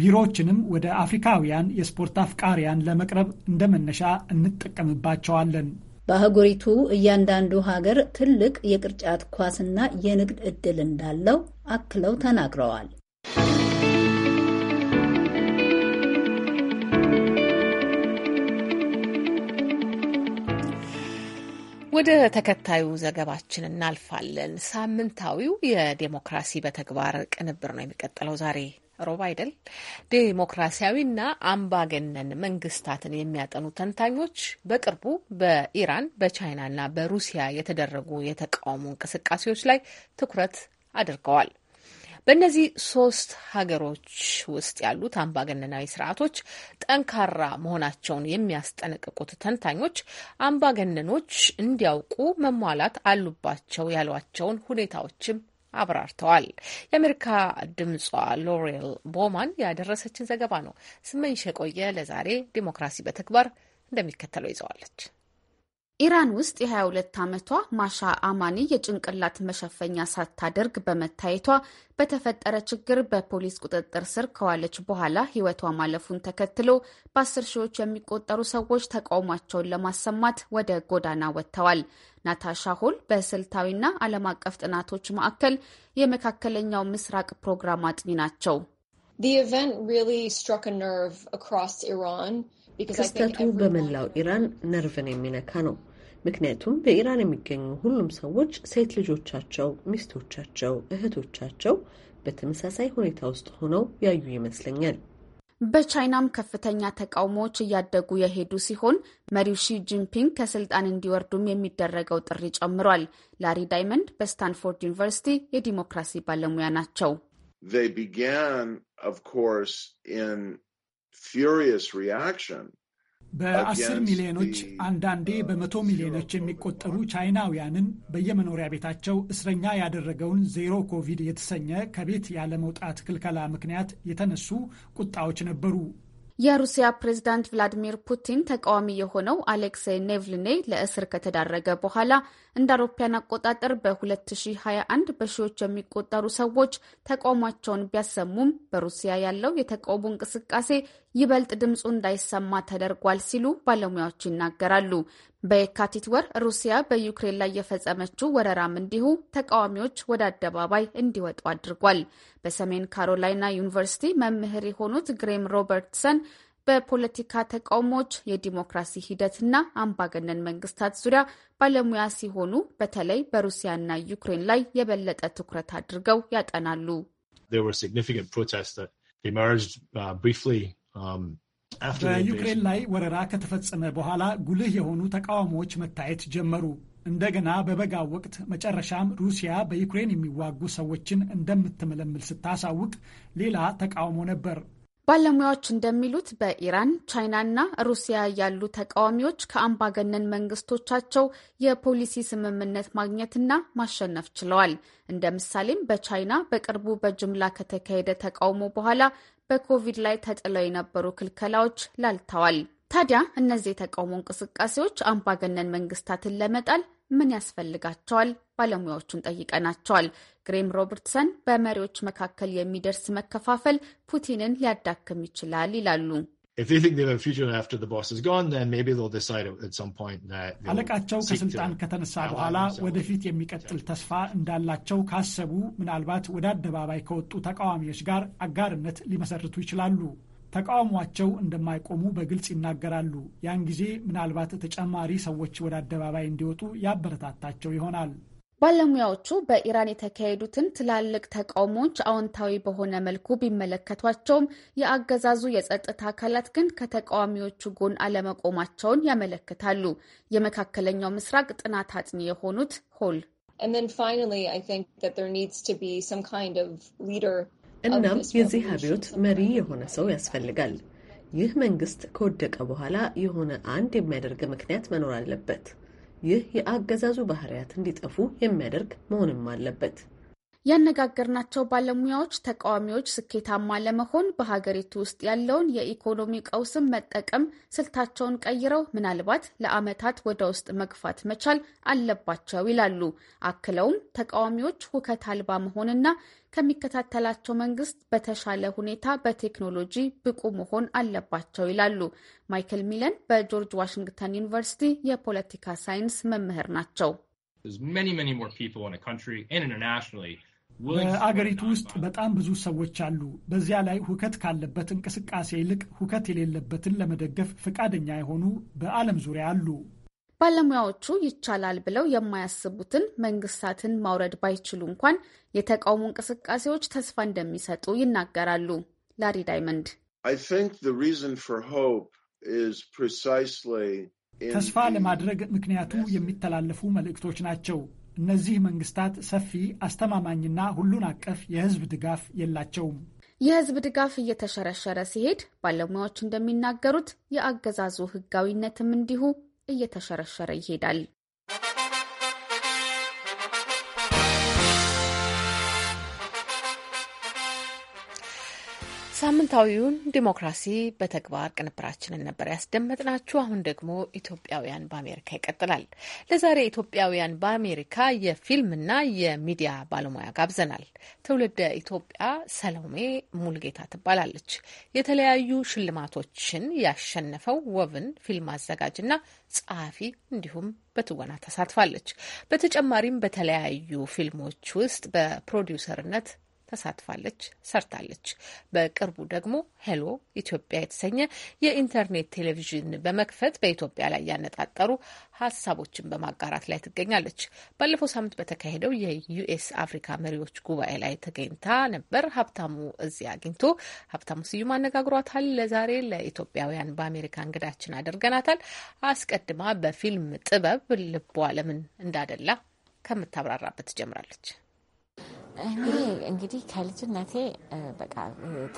ቢሮዎችንም ወደ አፍሪካውያን የስፖርት አፍቃሪያን ለመቅረብ እንደ መነሻ እንጠቀምባቸዋለን። በአህጉሪቱ እያንዳንዱ ሀገር ትልቅ የቅርጫት ኳስና የንግድ ዕድል እንዳለው አክለው ተናግረዋል። ወደ ተከታዩ ዘገባችን እናልፋለን። ሳምንታዊው የዴሞክራሲ በተግባር ቅንብር ነው የሚቀጥለው ዛሬ ሮብ አይደል? ዴሞክራሲያዊና አምባገነን መንግስታትን የሚያጠኑ ተንታኞች በቅርቡ በኢራን በቻይናና በሩሲያ የተደረጉ የተቃውሞ እንቅስቃሴዎች ላይ ትኩረት አድርገዋል። በእነዚህ ሶስት ሀገሮች ውስጥ ያሉት አምባገነናዊ ስርዓቶች ጠንካራ መሆናቸውን የሚያስጠነቅቁት ተንታኞች አምባገነኖች እንዲያውቁ መሟላት አሉባቸው ያሏቸውን ሁኔታዎችም አብራርተዋል። የአሜሪካ ድምጿ ሎሬል ቦማን ያደረሰችን ዘገባ ነው ስመኝሽ የቆየ ለዛሬ ዲሞክራሲ በተግባር እንደሚከተለው ይዘዋለች። ኢራን ውስጥ የ22 ዓመቷ ማሻ አማኒ የጭንቅላት መሸፈኛ ሳታደርግ በመታየቷ በተፈጠረ ችግር በፖሊስ ቁጥጥር ስር ከዋለች በኋላ ሕይወቷ ማለፉን ተከትሎ በአስር ሺዎች የሚቆጠሩ ሰዎች ተቃውሟቸውን ለማሰማት ወደ ጎዳና ወጥተዋል። ናታሻ ሆል በስልታዊና ዓለም አቀፍ ጥናቶች ማዕከል የመካከለኛው ምስራቅ ፕሮግራም አጥኚ ናቸው። The event really struck a nerve across Iran. ክስተቱ በመላው ኢራን ነርቭን የሚነካ ነው። ምክንያቱም በኢራን የሚገኙ ሁሉም ሰዎች ሴት ልጆቻቸው፣ ሚስቶቻቸው፣ እህቶቻቸው በተመሳሳይ ሁኔታ ውስጥ ሆነው ያዩ ይመስለኛል። በቻይናም ከፍተኛ ተቃውሞዎች እያደጉ የሄዱ ሲሆን መሪው ሺ ጂንፒንግ ከስልጣን እንዲወርዱም የሚደረገው ጥሪ ጨምሯል። ላሪ ዳይመንድ በስታንፎርድ ዩኒቨርሲቲ የዲሞክራሲ ባለሙያ ናቸው። They began, of course, in በአስር ሚሊዮኖች አንዳንዴ uh, በመቶ ሚሊዮኖች የሚቆጠሩ ቻይናውያንን በየመኖሪያ ቤታቸው እስረኛ ያደረገውን ዜሮ ኮቪድ የተሰኘ ከቤት ያለመውጣት ክልከላ ምክንያት የተነሱ ቁጣዎች ነበሩ። የሩሲያ ፕሬዝዳንት ቭላዲሚር ፑቲን ተቃዋሚ የሆነው አሌክሴይ ኔቭልኔ ለእስር ከተዳረገ በኋላ እንደ አውሮፓያን አቆጣጠር በ2021 በሺዎች የሚቆጠሩ ሰዎች ተቃውሟቸውን ቢያሰሙም በሩሲያ ያለው የተቃውሞ እንቅስቃሴ ይበልጥ ድምፁ እንዳይሰማ ተደርጓል ሲሉ ባለሙያዎች ይናገራሉ። በየካቲት ወር ሩሲያ በዩክሬን ላይ የፈጸመችው ወረራም እንዲሁ ተቃዋሚዎች ወደ አደባባይ እንዲወጡ አድርጓል። በሰሜን ካሮላይና ዩኒቨርሲቲ መምህር የሆኑት ግሬም ሮበርትሰን በፖለቲካ ተቃውሞዎች የዲሞክራሲ ሂደትና አምባገነን መንግስታት ዙሪያ ባለሙያ ሲሆኑ በተለይ በሩሲያና ዩክሬን ላይ የበለጠ ትኩረት አድርገው ያጠናሉ። Um, በዩክሬን ላይ ወረራ ከተፈጸመ በኋላ ጉልህ የሆኑ ተቃውሞዎች መታየት ጀመሩ። እንደገና በበጋው ወቅት መጨረሻም ሩሲያ በዩክሬን የሚዋጉ ሰዎችን እንደምትመለምል ስታሳውቅ ሌላ ተቃውሞ ነበር። ባለሙያዎች እንደሚሉት በኢራን ቻይናና ሩሲያ ያሉ ተቃዋሚዎች ከአምባገነን መንግስቶቻቸው የፖሊሲ ስምምነት ማግኘትና ማሸነፍ ችለዋል። እንደ ምሳሌም በቻይና በቅርቡ በጅምላ ከተካሄደ ተቃውሞ በኋላ በኮቪድ ላይ ተጥለው የነበሩ ክልከላዎች ላልተዋል። ታዲያ እነዚህ የተቃውሞ እንቅስቃሴዎች አምባገነን መንግስታትን ለመጣል ምን ያስፈልጋቸዋል? ባለሙያዎቹን ጠይቀናቸዋል። ግሬም ሮበርትሰን በመሪዎች መካከል የሚደርስ መከፋፈል ፑቲንን ሊያዳክም ይችላል ይላሉ። if they think they have a future after the boss is gone, then maybe they'll decide at some point that አለቃቸው ከስልጣን ከተነሳ በኋላ ወደፊት የሚቀጥል ተስፋ እንዳላቸው ካሰቡ ምናልባት ወደ አደባባይ ከወጡ ተቃዋሚዎች ጋር አጋርነት ሊመሰርቱ ይችላሉ። ተቃውሟቸው እንደማይቆሙ በግልጽ ይናገራሉ። ያን ጊዜ ምናልባት ተጨማሪ ሰዎች ወደ አደባባይ እንዲወጡ ያበረታታቸው ይሆናል። ባለሙያዎቹ በኢራን የተካሄዱትን ትላልቅ ተቃውሞዎች አዎንታዊ በሆነ መልኩ ቢመለከቷቸውም የአገዛዙ የጸጥታ አካላት ግን ከተቃዋሚዎቹ ጎን አለመቆማቸውን ያመለክታሉ። የመካከለኛው ምስራቅ ጥናት አጥኚ የሆኑት ሆል እናም የዚህ አብዮት መሪ የሆነ ሰው ያስፈልጋል። ይህ መንግስት ከወደቀ በኋላ የሆነ አንድ የሚያደርግ ምክንያት መኖር አለበት። ይህ የአገዛዙ ባህሪያት እንዲጠፉ የሚያደርግ መሆንም አለበት። ያነጋገርናቸው ባለሙያዎች ተቃዋሚዎች ስኬታማ ለመሆን በሀገሪቱ ውስጥ ያለውን የኢኮኖሚ ቀውስም መጠቀም ስልታቸውን ቀይረው ምናልባት ለዓመታት ወደ ውስጥ መግፋት መቻል አለባቸው ይላሉ። አክለውም ተቃዋሚዎች ሁከት አልባ መሆንና ከሚከታተላቸው መንግስት በተሻለ ሁኔታ በቴክኖሎጂ ብቁ መሆን አለባቸው ይላሉ። ማይክል ሚለን በጆርጅ ዋሽንግተን ዩኒቨርሲቲ የፖለቲካ ሳይንስ መምህር ናቸው። በአገሪቱ ውስጥ በጣም ብዙ ሰዎች አሉ። በዚያ ላይ ሁከት ካለበት እንቅስቃሴ ይልቅ ሁከት የሌለበትን ለመደገፍ ፈቃደኛ የሆኑ በዓለም ዙሪያ አሉ። ባለሙያዎቹ ይቻላል ብለው የማያስቡትን መንግስታትን ማውረድ ባይችሉ እንኳን የተቃውሞ እንቅስቃሴዎች ተስፋ እንደሚሰጡ ይናገራሉ። ላሪ ዳይመንድ ተስፋ ለማድረግ ምክንያቱ የሚተላለፉ መልእክቶች ናቸው። እነዚህ መንግስታት ሰፊ አስተማማኝና ሁሉን አቀፍ የህዝብ ድጋፍ የላቸውም። የህዝብ ድጋፍ እየተሸረሸረ ሲሄድ ባለሙያዎች እንደሚናገሩት የአገዛዙ ህጋዊነትም እንዲሁ እየተሸረሸረ ይሄዳል። ሳምንታዊውን ዲሞክራሲ በተግባር ቅንብራችንን ነበር ያስደመጥናችሁ። አሁን ደግሞ ኢትዮጵያውያን በአሜሪካ ይቀጥላል። ለዛሬ ኢትዮጵያውያን በአሜሪካ የፊልምና የሚዲያ ባለሙያ ጋብዘናል። ትውልደ ኢትዮጵያ ሰሎሜ ሙልጌታ ትባላለች። የተለያዩ ሽልማቶችን ያሸነፈው ወብን ፊልም አዘጋጅና ጸሐፊ እንዲሁም በትወና ተሳትፋለች። በተጨማሪም በተለያዩ ፊልሞች ውስጥ በፕሮዲውሰርነት ተሳትፋለች፣ ሰርታለች። በቅርቡ ደግሞ ሄሎ ኢትዮጵያ የተሰኘ የኢንተርኔት ቴሌቪዥን በመክፈት በኢትዮጵያ ላይ ያነጣጠሩ ሀሳቦችን በማጋራት ላይ ትገኛለች። ባለፈው ሳምንት በተካሄደው የዩኤስ አፍሪካ መሪዎች ጉባኤ ላይ ተገኝታ ነበር። ሀብታሙ እዚህ አግኝቶ ሀብታሙ ስዩም አነጋግሯታል። ለዛሬ ለኢትዮጵያውያን በአሜሪካ እንግዳችን አድርገናታል። አስቀድማ በፊልም ጥበብ ልቧ ለምን እንዳደላ ከምታብራራበት ትጀምራለች። እኔ እንግዲህ ከልጅነቴ በቃ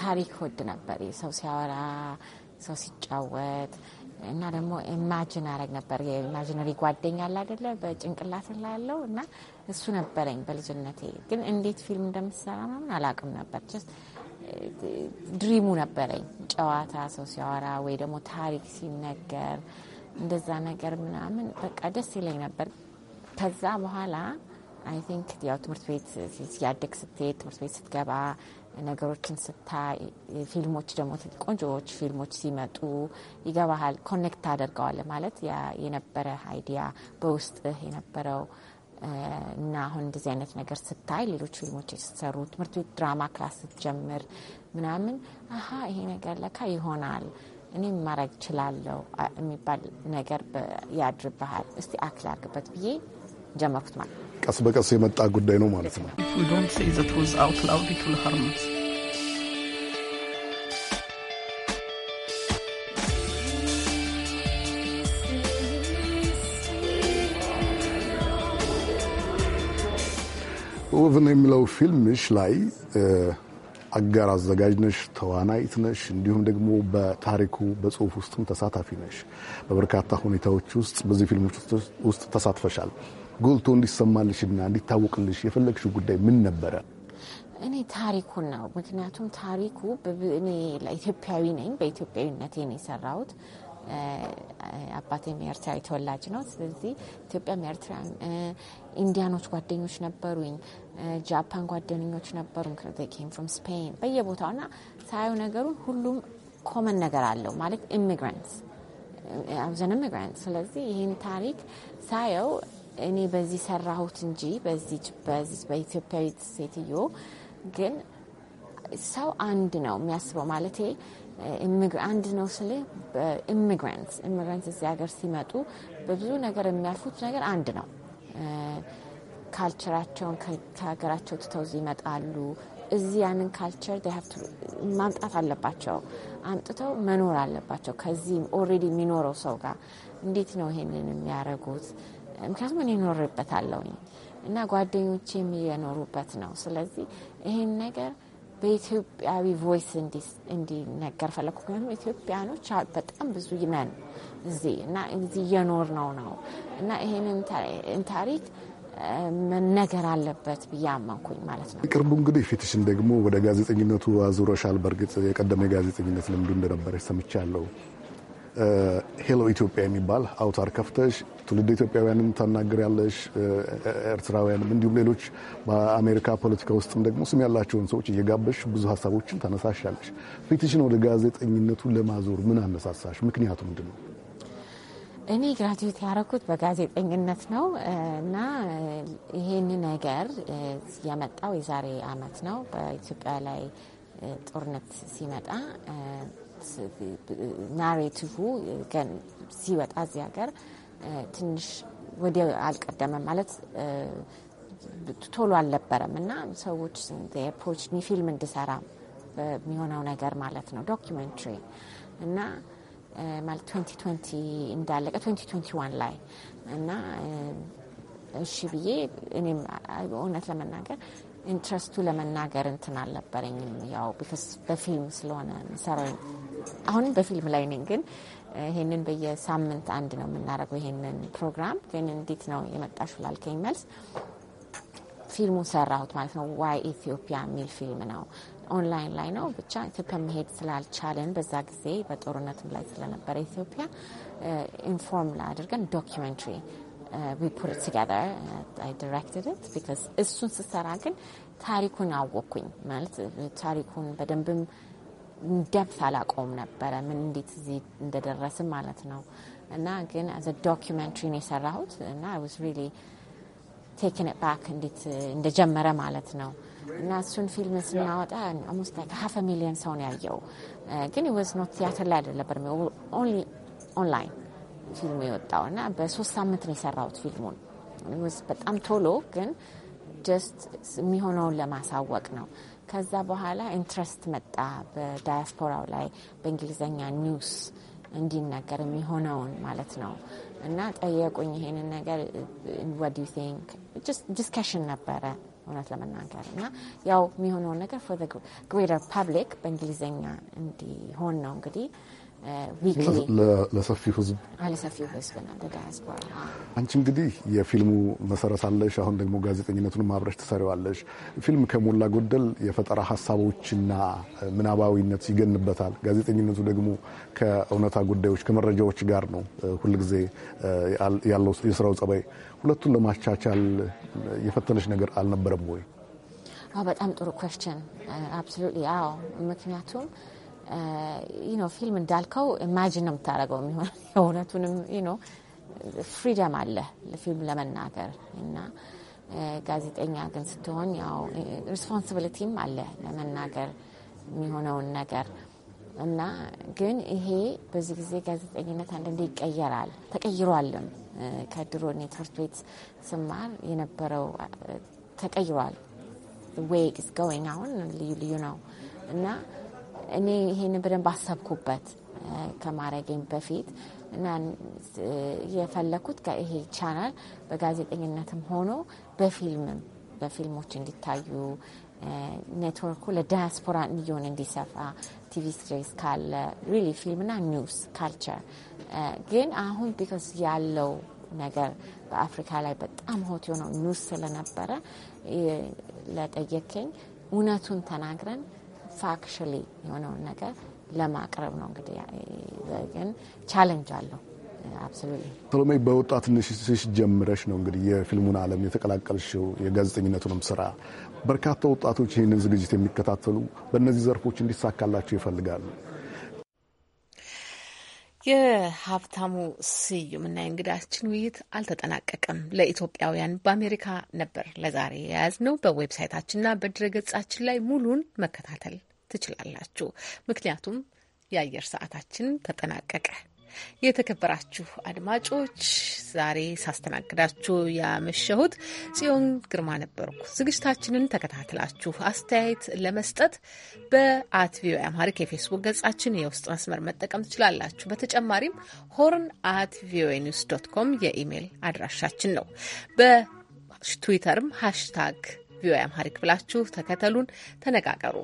ታሪክ ወድ ነበር። ሰው ሲያወራ፣ ሰው ሲጫወት እና ደግሞ ኢማጂን አረግ ነበር። የኢማጂነሪ ጓደኛ አለ አይደለ? በጭንቅላት ላይ ያለው እና እሱ ነበረኝ በልጅነቴ። ግን እንዴት ፊልም እንደምትሰራ ምናምን አላውቅም ነበር። ድሪሙ ነበረኝ ጨዋታ፣ ሰው ሲያወራ ወይ ደግሞ ታሪክ ሲነገር እንደዛ ነገር ምናምን በቃ ደስ ይለኝ ነበር። ከዛ በኋላ አይ ቲንክ ያው ትምህርት ቤት ሲያደግ ስትሄድ ትምህርት ቤት ስትገባ ነገሮችን ስታይ ፊልሞች ደግሞ ቆንጆዎች ፊልሞች ሲመጡ ይገባሃል፣ ኮኔክት ታደርገዋል ማለት የነበረ አይዲያ በውስጥህ የነበረው እና አሁን እንደዚህ አይነት ነገር ስታይ ሌሎች ፊልሞች የተሰሩ ትምህርት ቤት ድራማ ክላስ ስትጀምር ምናምን አሀ ይሄ ነገር ለካ ይሆናል እኔም ማድረግ እችላለሁ የሚባል ነገር ያድርብሃል። እስቲ አክል አድርግበት ብዬ ጀመርኩት ማለት ነው። ቀስ በቀስ የመጣ ጉዳይ ነው ማለት ነው። ውብን የሚለው ፊልምሽ ላይ አጋር አዘጋጅ ነሽ፣ ተዋናይት ነሽ፣ እንዲሁም ደግሞ በታሪኩ በጽሁፍ ውስጥም ተሳታፊ ነሽ። በበርካታ ሁኔታዎች ውስጥ በዚህ ፊልሞች ውስጥ ተሳትፈሻል። ጎልቶ እንዲሰማልሽና እንዲታወቅልሽ የፈለግሽው ጉዳይ ምን ነበረ? እኔ ታሪኩን ነው። ምክንያቱም ታሪኩ እኔ ኢትዮጵያዊ ነኝ፣ በኢትዮጵያዊነት ነው የሰራሁት። አባቴም ኤርትራዊ ተወላጅ ነው። ስለዚህ ኢትዮጵያም ኤርትራ፣ ኢንዲያኖች ጓደኞች ነበሩኝ፣ ጃፓን ጓደኞች ነበሩ፣ ኬም ፍሮም ስፔን በየቦታው ና ሳየው ነገሩን ሁሉም ኮመን ነገር አለው ማለት ኢሚግራንት አብዘን ኢሚግራንት። ስለዚህ ይህን ታሪክ ሳየው እኔ በዚህ ሰራሁት እንጂ በዚህ በኢትዮጵያዊት ሴትዮ ግን ሰው አንድ ነው የሚያስበው ማለት አንድ ነው ስል ኢሚግራንት ኢሚግራንት እዚህ ሀገር ሲመጡ በብዙ ነገር የሚያልፉት ነገር አንድ ነው። ካልቸራቸውን ከሀገራቸው ትተው እዚህ ይመጣሉ። እዚህ ያንን ካልቸር ማምጣት አለባቸው፣ አምጥተው መኖር አለባቸው ከዚህ ኦልሬዲ የሚኖረው ሰው ጋር። እንዴት ነው ይሄንን የሚያደርጉት? ምክንያቱም እኔ አለውኝ እና ጓደኞቼም የኖሩበት ነው። ስለዚህ ይህን ነገር በኢትዮጵያዊ ቮይስ እንዲነገር ፈለኩ። ምክንያቱም ኢትዮጵያኖች በጣም ብዙ ነን እዚህ እና እዚህ እየኖር ነው ነው እና ይህንን ታሪክ መነገር አለበት ብዬ አመንኩኝ ማለት ነው። ቅርቡ እንግዲህ ፊትሽን ደግሞ ወደ ጋዜጠኝነቱ አዙረሻል። በእርግጥ የቀደመ የጋዜጠኝነት ልምዱ እንደነበረች ሰምቻለሁ። ሄሎ ኢትዮጵያ የሚባል አውታር ከፍተሽ ትውልድ ኢትዮጵያውያንም ያለሽ ኤርትራውያንም እንዲሁም ሌሎች በአሜሪካ ፖለቲካ ውስጥም ደግሞ ስም ያላቸውን ሰዎች እየጋበሽ ብዙ ሀሳቦችን ተነሳሻለሽ። ፊትሽን ወደ ጋዜጠኝነቱ ለማዞር ምን አነሳሳሽ? ምክንያቱ ምንድን ነው? እኔ ግራጁዌት ያደረኩት በጋዜጠኝነት ነው እና ይሄን ነገር የመጣው የዛሬ አመት ነው በኢትዮጵያ ላይ ጦርነት ሲመጣ ናሬቲቭ ሲወጣ እዚህ ሀገር ትንሽ ወደ አልቀደመም ማለት ቶሎ አልነበረም እና ሰዎች ፖችኒ ፊልም እንድሰራ የሚሆነው ነገር ማለት ነው ዶኪመንትሪ እና ማለት 2020 እንዳለቀ 2021 ላይ እና እሺ ብዬ እኔም እውነት ለመናገር ኢንትረስቱ ለመናገር እንትን አልነበረኝም። ያው ቢካስ በፊልም ስለሆነ ሰራ አሁንም በፊልም ላይ ነኝ ግን ይሄንን በየሳምንት አንድ ነው የምናደርገው። ይሄንን ፕሮግራም ግን እንዴት ነው የመጣሽው ላልከኝ መልስ ፊልሙን ሰራሁት ማለት ነው። ዋይ ኢትዮጵያ የሚል ፊልም ነው። ኦንላይን ላይ ነው። ብቻ ኢትዮጵያ መሄድ ስላልቻለን በዛ ጊዜ በጦርነትም ላይ ስለነበረ ኢትዮጵያ ኢንፎርም ላይ አድርገን ዶኪመንትሪ እሱን ስሰራ ግን ታሪኩን አወቅኩኝ ማለት ታሪኩን በደንብም ደብት አላቆም ነበረ ምን እንዴት እዚህ እንደደረስም ማለት ነው። እና ግን ዘ ዶኪመንትሪ ነው የሰራሁት እና ውስ ሪሊ ቴክን ባክ እንዴት እንደጀመረ ማለት ነው። እና እሱን ፊልም ስናወጣ አሞስት ላይ ሀፍ ሚሊዮን ሰው ነው ያየው። ግን ወዝ ኖት ቲያትር ላይ አይደለም ኦንሊ ኦንላይን ፊልሙ የወጣው እና በሶስት ሳምንት ነው የሰራሁት ፊልሙን። በጣም ቶሎ ግን ጀስት የሚሆነውን ለማሳወቅ ነው ከዛ በኋላ ኢንትረስት መጣ በዳያስፖራው ላይ በእንግሊዝኛ ኒውስ እንዲነገር የሚሆነውን ማለት ነው። እና ጠየቁኝ ይሄንን ነገር ወዲ ቲንክ ዲስከሽን ነበረ እውነት ለመናገር እና ያው የሚሆነውን ነገር ግሬተር ፐብሊክ በእንግሊዝኛ እንዲሆን ነው እንግዲህ ለሰፊው ህዝብ ለሰፊው ህዝብ ነው። አንቺ እንግዲህ የፊልሙ መሰረት አለሽ። አሁን ደግሞ ጋዜጠኝነቱን ማብረሽ ትሰሪዋለሽ። ፊልም ከሞላ ጎደል የፈጠራ ሀሳቦችና ምናባዊነት ይገንበታል። ጋዜጠኝነቱ ደግሞ ከእውነታ ጉዳዮች ከመረጃዎች ጋር ነው ሁልጊዜ ያለው የስራው ጸባይ። ሁለቱን ለማቻቻል የፈተነች ነገር አልነበረም ወይ? በጣም ጥሩ ኮስችን አብሶሉትሊ። አዎ ምክንያቱም ፊልም eh, እንዳልከው ኢማጂን ነው የምታደርገው የሚሆን እውነቱንም ፍሪደም አለ ፊልም ለመናገር እና ጋዜጠኛ ግን ስትሆን ያው ሪስፖንሲቢሊቲም አለ ለመናገር የሚሆነውን ነገር እና ግን ይሄ በዚህ ጊዜ ጋዜጠኝነት አንዳንዴ ይቀየራል፣ ተቀይሯልም። ከድሮ እኔ ትምህርት ቤት ስማር የነበረው ተቀይሯል። ዌይ ኢዝ ጎይንግ አሁን ልዩ ልዩ ነው እና እኔ ይህን በደንብ አሰብኩበት ከማረጌኝ በፊት እና የፈለኩት ይሄ ቻናል በጋዜጠኝነትም ሆኖ በፊልምም በፊልሞች እንዲታዩ ኔትወርኩ ለዳያስፖራ ሚሊዮን እንዲሰፋ ቲቪ ስትሬስ ካለ ሪሊ ፊልምና ኒውስ ካልቸር ግን አሁን ቢኮዝ ያለው ነገር በአፍሪካ ላይ በጣም ሆት የሆነው ኒውስ ስለነበረ ለጠየከኝ እውነቱን ተናግረን ፋክሽሊ የሆነውን ነገር ለማቅረብ ነው። እንግዲህ ግን ቻለንጅ አለው። ሰሎሜ በወጣትነትሽ ጀምረሽ ነው እንግዲህ የፊልሙን ዓለም የተቀላቀልሽው የጋዜጠኝነቱንም ስራ። በርካታ ወጣቶች ይህንን ዝግጅት የሚከታተሉ በእነዚህ ዘርፎች እንዲሳካላቸው ይፈልጋሉ። የሀብታሙ ስዩምና የእንግዳችን ውይይት አልተጠናቀቀም። ለኢትዮጵያውያን በአሜሪካ ነበር ለዛሬ የያዝ ነው። በዌብሳይታችንና በድረገጻችን ላይ ሙሉን መከታተል ትችላላችሁ። ምክንያቱም የአየር ሰዓታችን ተጠናቀቀ። የተከበራችሁ አድማጮች ዛሬ ሳስተናግዳችሁ ያመሸሁት ጽዮን ግርማ ነበርኩ። ዝግጅታችንን ተከታትላችሁ አስተያየት ለመስጠት በአት ቪኦኤ አማሪክ የፌስቡክ ገጻችን የውስጥ መስመር መጠቀም ትችላላችሁ። በተጨማሪም ሆርን አት ቪኦኤ ኒውስ ዶት ኮም የኢሜይል አድራሻችን ነው። በትዊተርም ሃሽታግ ቪኦኤ አማሪክ ብላችሁ ተከተሉን፣ ተነጋገሩ።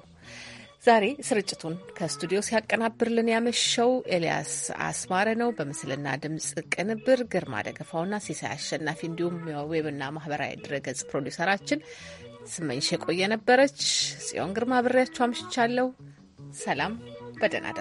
ዛሬ ስርጭቱን ከስቱዲዮ ሲያቀናብርልን ያመሸው ኤልያስ አስማረ ነው። በምስልና ድምፅ ቅንብር ግርማ ደገፋውና ሲሳይ አሸናፊ እንዲሁም የዌብና ማህበራዊ ድረገጽ ፕሮዲውሰራችን ስመኝሽ የቆየ ነበረች። ጽዮን ግርማ ብሬያችሁ አምሽቻለሁ። ሰላም፣ በደህና